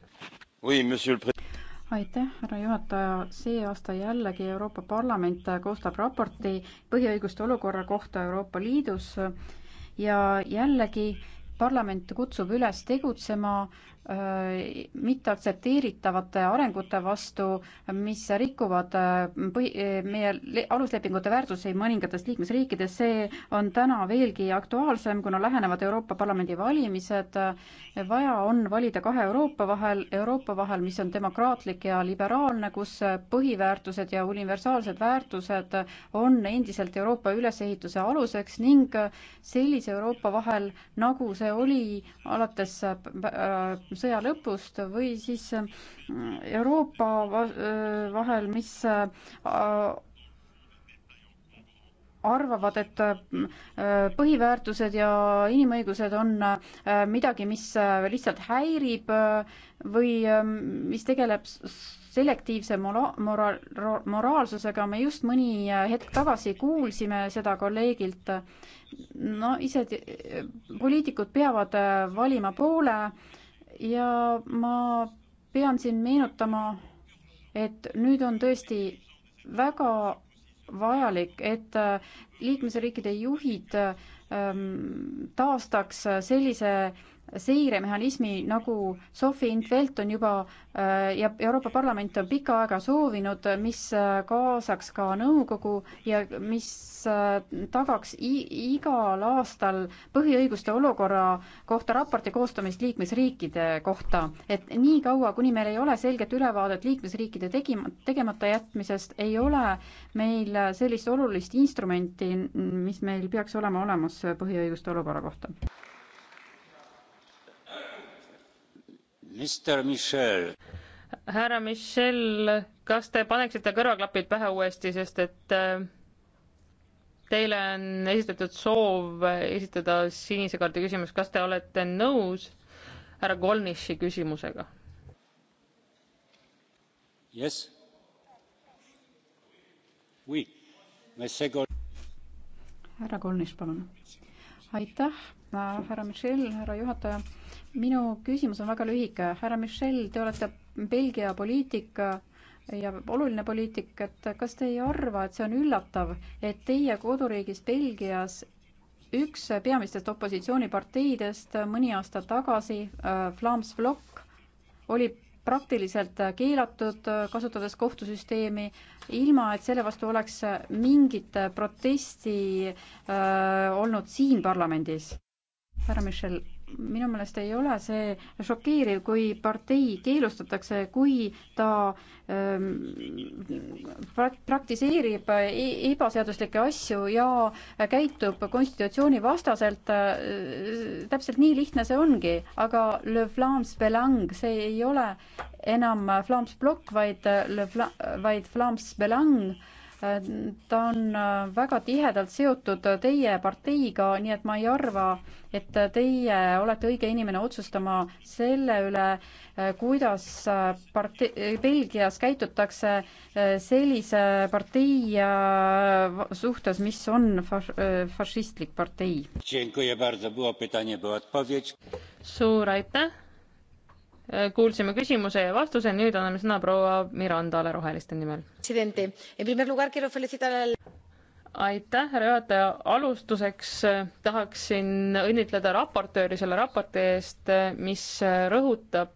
aitäh, härra juhataja, see aasta jällegi Euroopa Parlament äh, koostab raporti põhiõiguste olukorra kohta Euroopa Liidus ja jällegi parlament kutsub üles tegutsema Äh, mitteaktsepteeritavate arengute vastu, mis rikuvad äh, põhi, äh, meie aluslepingute väärtusi mõningates liikmesriikides, see on täna veelgi aktuaalsem, kuna lähenevad Euroopa Parlamendi valimised. vaja on valida kahe Euroopa vahel, Euroopa vahel, mis on demokraatlik ja liberaalne, kus põhiväärtused ja universaalsed väärtused on endiselt Euroopa ülesehituse aluseks ning sellise Euroopa vahel, nagu see oli alates sõja lõpust või siis äh, Euroopa äh, vahel, mis äh, arvavad, et põhiväärtused ja inimõigused on midagi, mis lihtsalt häirib või mis tegeleb selektiivse mora-, mora-, moraalsusega, me just mõni hetk tagasi kuulsime seda kolleegilt, no ise poliitikud peavad valima poole, ja ma pean siin meenutama, et nüüd on tõesti väga vajalik, et äh, liikmesriikide juhid ähm, taastaks sellise seiremehhanismi, nagu Sophie Intvelt on juba äh, ja Euroopa Parlament on pikka aega soovinud, mis äh, kaasaks ka nõukogu ja mis äh, tagaks igal aastal põhiõiguste olukorra kohta raporti koostamist liikmesriikide kohta. et niikaua, kuni meil ei ole selget ülevaadet liikmesriikide tegi-, tegemata jätmisest, ei ole meil sellist olulist instrumenti, mis meil peaks olema olemas põhiõiguste olukorra kohta. härra Michel, kas te paneksite kõrvaklapid pähe uuesti, sest et äh, teile on esitatud soov esitada sinise kaardi küsimus, kas te olete nõus härra Golnishi küsimusega? Yes. Oui. härra Golnish, palun. aitäh, äh, härra Michel, härra juhataja minu küsimus on väga lühike. härra Michel, te olete Belgia poliitik ja oluline poliitik, et kas te ei arva, et see on üllatav, et teie koduriigis Belgias üks peamistest opositsiooniparteidest mõni aasta tagasi, äh, Flams Block, oli praktiliselt keelatud, äh, kasutades kohtusüsteemi, ilma et selle vastu oleks mingit protesti öö, äh, olnud siin parlamendis. härra Michel, minu meelest ei ole see šokeeriv, kui partei keelustatakse, kui ta ähm, praktiseerib e-, ebaseaduslikke asju ja käitub konstitutsiooni vastaselt äh,. täpselt nii lihtne see ongi, aga Le Flamme Belang, see ei ole enam Flamme Block, vaid äh, Le Fla-, vaid Flamme Belang ta on äh, väga tihedalt seotud äh, teie parteiga, nii et ma ei arva, et äh, teie olete õige inimene otsustama selle üle, kuidas parte-, Belgias käitutakse sellise partei suhtes, mis on faš-, fašistlik partei. suur aitäh! kuulsime küsimuse ja vastuse, nüüd anname sõna proua Mirandale Roheliste nimel. aitäh, härra juhataja, alustuseks äh, tahaksin õnnitleda raportööri selle raporti eest, äh, mis äh, rõhutab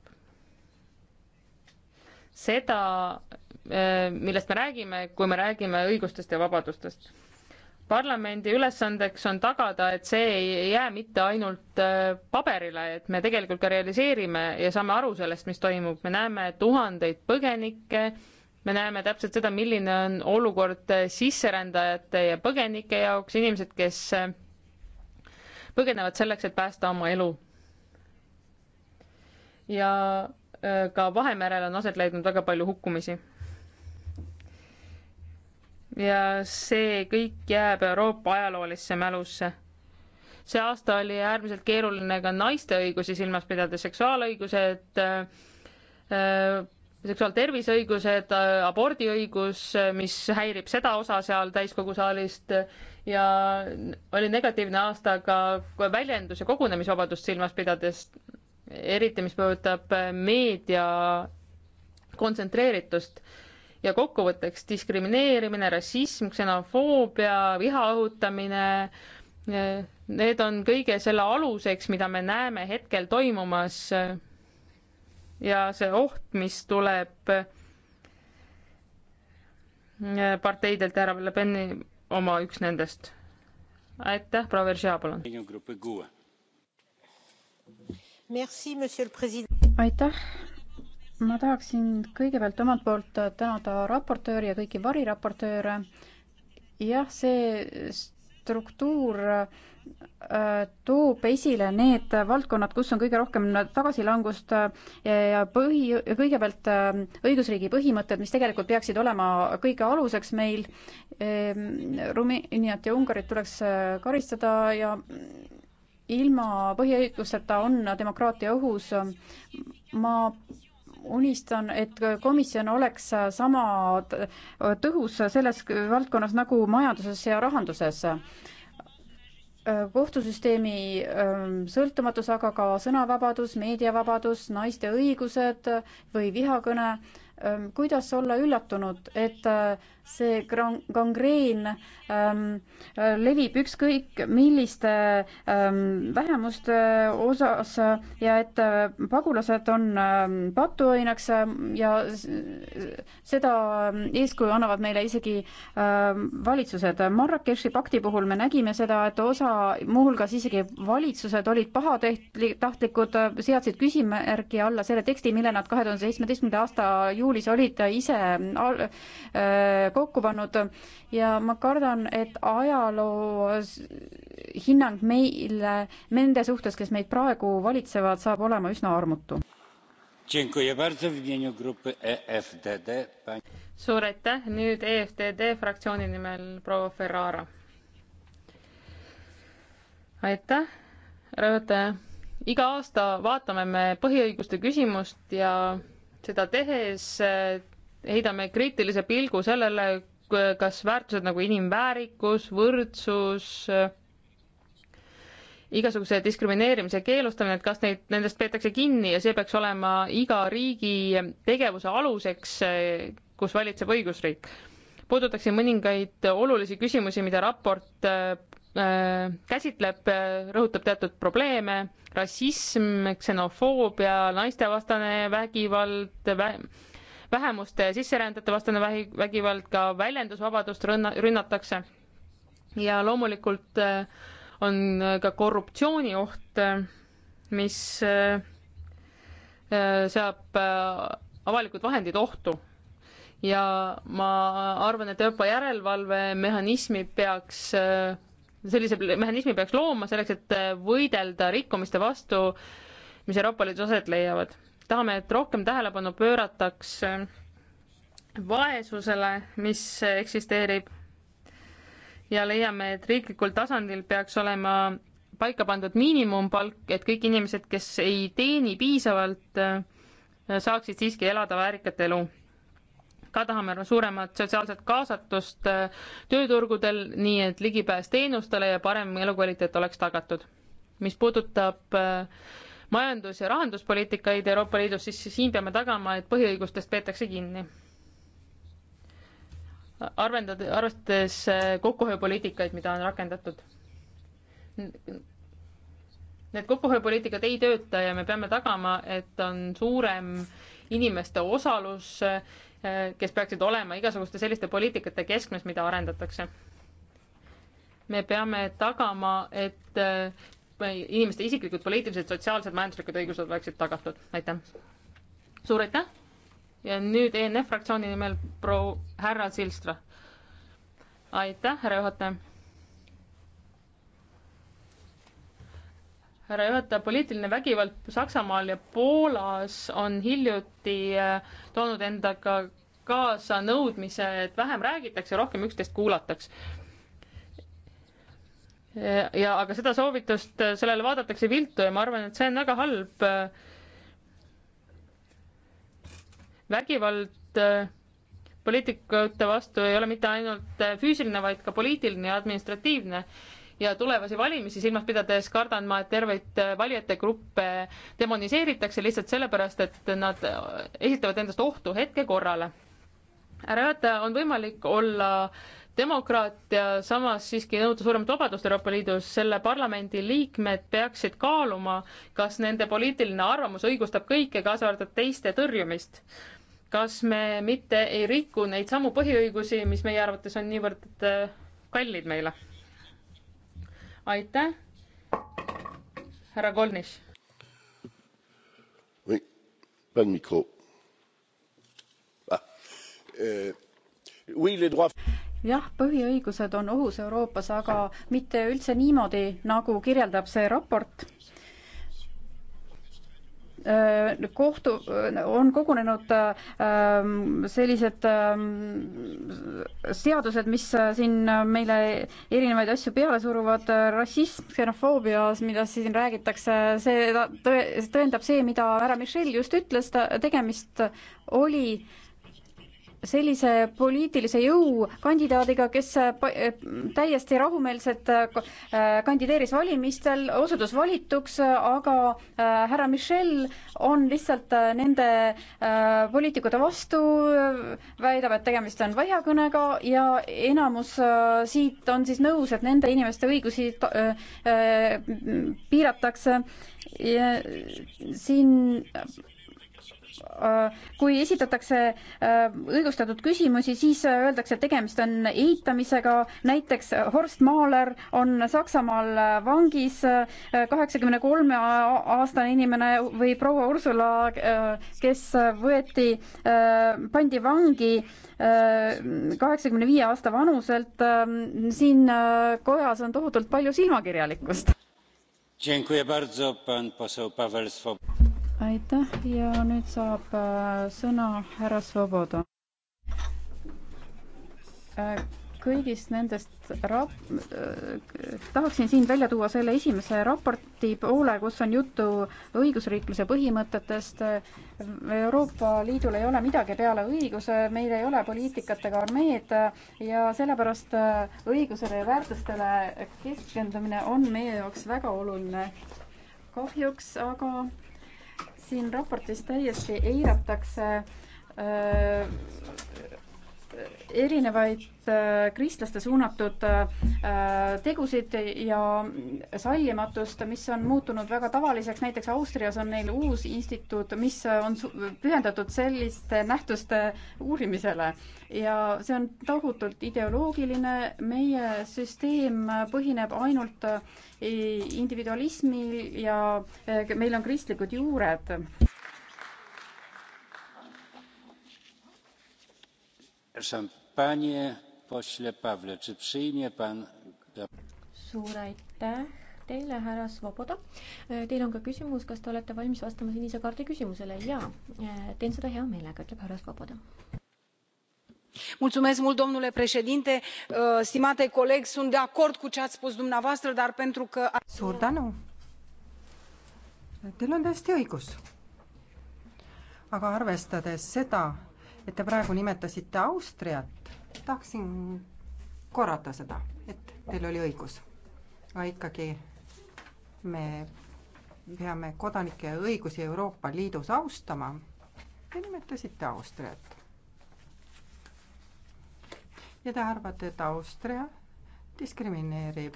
seda, millest me räägime, kui me räägime õigustest ja vabadustest parlamendi ülesandeks on tagada, et see ei jää mitte ainult äh, paberile, et me tegelikult ka realiseerime ja saame aru sellest, mis toimub, me näeme tuhandeid põgenikke, me näeme täpselt seda, milline on olukord äh, sisserändajate ja põgenike jaoks, inimesed, kes äh, põgenevad selleks, et päästa oma elu. ja ka Vahemerel on aset leidnud väga palju hukkumisi ja see kõik jääb Euroopa ajaloolisse mälusse. see aasta oli äärmiselt keeruline ka naiste õigusi silmas pidada, seksuaalõigused äh,, seksuaaltervise õigused äh,, abordiõigus, mis häirib seda osa seal täiskogu saalist ja oli negatiivne aasta ka väljendus- ja kogunemisvabadust silmas pidades, eriti mis puudutab meedia kontsentreeritust ja kokkuvõtteks diskrimineerimine, rassism, ksenofoobia, viha õhutamine, eh, need on kõige selle aluseks, mida me näeme hetkel toimumas. ja see oht, mis tuleb eh, parteidelt ära, Le Peni oma üks nendest. aitäh, proua Veržea, palun. aitäh, ma tahaksin kõigepealt omalt poolt tänada raportööri ja kõiki variraportööre. jah, see struktuur äh, toob esile need valdkonnad, kus on kõige rohkem tagasilangust ja põhi, kõigepealt äh, õigusriigi põhimõtted, mis tegelikult peaksid olema kõige aluseks meil. Ehm, Rumeeniat ja Ungarit tuleks äh, karistada ja ilma põhiõigusteta on demokraatia ohus. ma unistan, et komisjon oleks sama tõhus selles valdkonnas nagu majanduses ja rahanduses kohtusüsteemi ähm, sõltumatus, aga ka sõnavabadus, meediavabadus, naiste õigused või vihakõne. Ähm, kuidas olla üllatunud, et äh, see kongreen ähm, levib ükskõik milliste ähm, vähemuste osas ja et äh, pagulased on ähm, patuainaks ähm, ja seda ähm, eeskuju annavad meile isegi ähm, valitsused. Marrakechi pakti puhul me nägime seda, et osa, muuhulgas isegi valitsused olid pahatahtlikud, äh, seadsid küsimärgi alla selle teksti, mille nad kahe tuhande seitsmeteistkümnenda aasta juulis olid ise al, äh, kokku pannud ja ma kardan, et ajaloo hinnang meile, nende suhtes, kes meid praegu valitsevad, saab olema üsna armutu. E suur aitäh, nüüd EFTD fraktsiooni nimel proua Ferrara. aitäh, härra juhataja. iga aasta vaatame me põhiõiguste küsimust ja seda tehes heidame kriitilise pilgu sellele, kas väärtused nagu inimväärikus, võrdsus, igasuguse diskrimineerimise keelustamine, et kas neid, nendest peetakse kinni ja see peaks olema iga riigi tegevuse aluseks, kus valitseb õigusriik. puudutaksin mõningaid olulisi küsimusi, mida raport äh, käsitleb, rõhutab teatud probleeme, rassism, ksenofoobia, naistevastane vägivald vä, vähemuste sisserändajate vastane vähi, vägivald, ka väljendusvabadust rünna-, rünnatakse. ja loomulikult äh, on äh, ka korruptsioonioht, äh, mis seab avalikud vahendid ohtu. ja ma arvan, et Euroopa järelevalvemehhanismi peaks sellise mehhanismi peaks looma selleks, et võidelda rikkumiste vastu, mis Euroopa Liidus aset leiavad tahame, et rohkem tähelepanu pöörataks vaesusele, mis eksisteerib ja leiame, et riiklikul tasandil peaks olema paika pandud miinimumpalk, et kõik inimesed, kes ei teeni piisavalt, saaksid siiski elada väärikat elu. ka tahame suuremat sotsiaalset kaasatust tööturgudel, nii et ligipääs teenustele ja parem elukvaliteet oleks tagatud. mis puudutab äh, majandus- ja rahanduspoliitikaid Euroopa Liidus, siis siin peame tagama, et põhiõigustest peetakse kinni. arvendad, arvestades äh, kokkuhoiupoliitikaid, mida on rakendatud. Need kokkuhoiupoliitikad ei tööta ja me peame tagama, et on suurem inimeste osalus, äh, kes peaksid olema igasuguste selliste poliitikate keskmes, mida arendatakse me peame tagama, et äh, inimeste isiklikud, poliitilised, sotsiaalsed, majanduslikud õigused oleksid tagatud. aitäh! suur aitäh! ja nüüd ENF fraktsiooni nimel proua härra Silstra. aitäh, härra juhataja! härra juhataja, poliitiline vägivald Saksamaal ja Poolas on hiljuti äh, toonud endaga kaasa nõudmise, et vähem räägitakse, rohkem üksteist kuulataks ja aga seda soovitust, sellele vaadatakse viltu ja ma arvan, et see on väga halb. vägivald äh, poliitikute vastu ei ole mitte ainult äh, füüsiline, vaid ka poliitiline ja administratiivne ja tulevasi valimisi silmas pidades kardan ma, et terveid äh, valijate gruppe demoniseeritakse lihtsalt sellepärast, et nad esitavad endast ohtu hetkekorrale. härra juhataja, on võimalik olla äh, demokraatia, samas siiski nõuda suuremat vabadust Euroopa Liidus, selle parlamendi liikmed peaksid kaaluma, kas nende poliitiline arvamus õigustab kõike, kaasa arvatud teiste tõrjumist. kas me mitte ei riku neid samu põhiõigusi, mis meie arvates on niivõrd äh, kallid meile? aitäh, härra Kolnis. või, pean mikro ah.. Euh, oui, les droits jah, põhiõigused on ohus Euroopas, aga mitte üldse niimoodi, nagu kirjeldab see raport äh, kohtu, äh, on kogunenud äh, sellised seadused, mis siin meile erinevaid asju peale suruvad, rassism, ksenofoobia, mida siin räägitakse, see tõendab see, mida härra Michel just ütles, ta, tegemist oli sellise poliitilise jõu kandidaadiga, kes äh, äh, täiesti rahumeelselt äh, kandideeris valimistel, osutus valituks, aga härra Michel on lihtsalt nende poliitikute vastu, väidab, et tegemist on vihakõnega ja enamus siit on siis nõus, et nende inimeste õigusi piiratakse. siin Äh, kui esitatakse äh, õigustatud küsimusi, siis äh, öeldakse, et tegemist on eitamisega, näiteks Horst Mahler on Saksamaal vangis, kaheksakümne kolme aastane inimene või proua Ursula, kes võeti, pandi vangi kaheksakümne viie aasta vanuselt, siin kojas on tohutult palju silmakirjalikkust aitäh ja nüüd saab äh, sõna härra Svoboda. Äh, kõigist nendest rap-, äh, tahaksin siin välja tuua selle esimese raporti poole, kus on juttu õigusriikluse põhimõtetest. Euroopa Liidul ei ole midagi peale õiguse, meil ei ole poliitikat ega armeed ja sellepärast õigusele ja väärtustele keskendumine on meie jaoks väga oluline. kahjuks aga siin raportis täiesti eiratakse äh, erinevaid äh, kristlaste suunatud äh, tegusid ja sallimatust, mis on muutunud väga tavaliseks, näiteks Austrias on neil uus instituut, mis on pühendatud selliste nähtuste uurimisele. ja see on tohutult ideoloogiline, meie süsteem põhineb ainult äh, individualismil ja meil on kristlikud juured suur aitäh teile, härra Svoboda. Teil on ka küsimus, kas te olete valmis vastama sinise kaardi küsimusele? jaa, teen seda hea meelega, ütleb härra Svoboda domnule președinte stimate coleg sunt de acord cu ce ați spus dumneavoastră dar pentru că. suur tänu teil on täiesti õigus aga arvestades seda et te praegu nimetasite Austriat, tahaksin korrata seda, et teil oli õigus. aga ikkagi me peame kodanike õigusi Euroopa Liidus austama. Te nimetasite Austriat. ja te arvate, et Austria diskrimineerib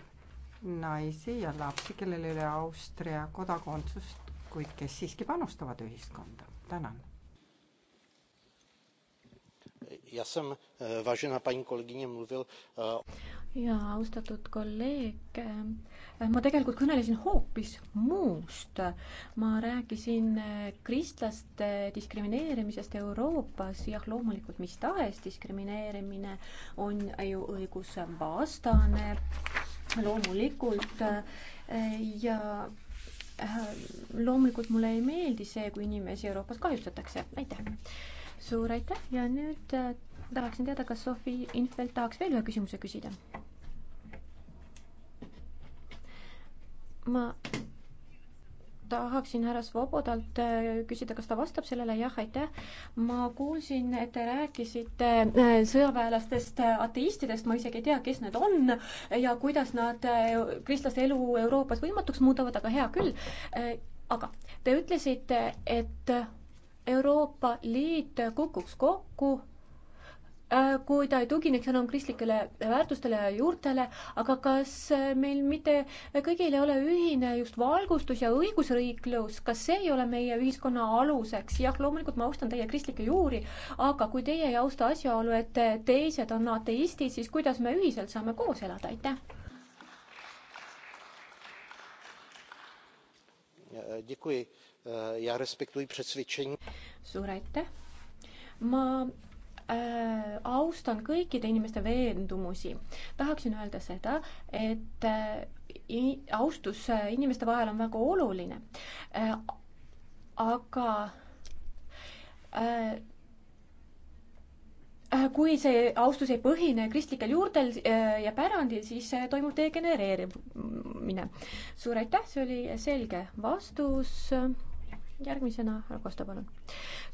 naisi ja lapsi, kellel ei ole Austria kodakondsust, kuid kes siiski panustavad ühiskonda. tänan já jsem, eh, vážená paní kolegyně, mluvil eh, ja austatud kolleeg, eh, ma tegelikult kõnelesin hoopis muust. ma rääkisin kristlaste diskrimineerimisest Euroopas, jah, loomulikult mis tahes diskrimineerimine on ju õigusvastane, loomulikult ja loomulikult mulle ei meeldi see, kui inimesi Euroopas kahjustatakse, aitäh suur aitäh ja nüüd äh, tahaksin teada, kas Sofi Infeld tahaks veel ühe küsimuse küsida? ma tahaksin härra Svobodalt äh, küsida, kas ta vastab sellele, jah, aitäh. ma kuulsin, et te rääkisite äh, sõjaväelastest ateistidest, ma isegi ei tea, kes need on ja kuidas nad kristlaste elu Euroopas võimatuks muudavad, aga hea küll. aga te ütlesite, et Euroopa Liit kukuks kokku, äh, kui ta ei tugineks enam kristlikele väärtustele ja juurtele, aga kas äh, meil mitte kõigil ei ole ühine just valgustus ja õigusriiklus, kas see ei ole meie ühiskonna aluseks? jah, loomulikult ma austan teie kristlikke juuri, aga kui teie ei austa asjaolu, et teised on ateistid, siis kuidas me ühiselt saame koos elada, aitäh? E, děkuji Eh, ja respektuji přesvědčení. suur aitäh. ma äh, austan kõikide inimeste veendumusi. tahaksin öelda seda, et äh, austus äh, inimeste vahel on väga oluline äh,. aga äh, kui see austus ei põhine kristlikel juurtel ja pärandil, siis toimub degenereerimine. suur aitäh, see oli selge vastus järgmisena härra Kosta, palun.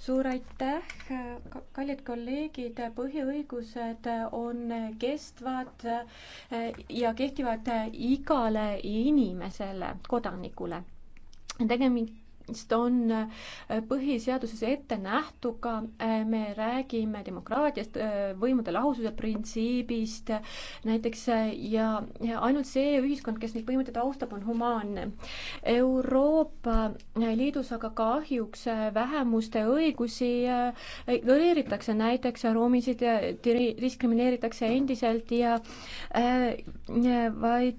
suur aitäh, kallid kolleegid, põhiõigused on kestvad eh, ja kehtivad igale inimesele, kodanikule. tegemist tegemist on äh, põhiseaduses ette nähtuga, äh, me räägime demokraatiast, äh, võimude lahususe printsiibist näiteks ja, ja ainult see ühiskond, kes neid põhimõtteid austab, on humaanne. Euroopa Liidus aga kahjuks vähemuste õigusi ignoreeritakse, näiteks roomisid diskrimineeritakse endiselt ja vaid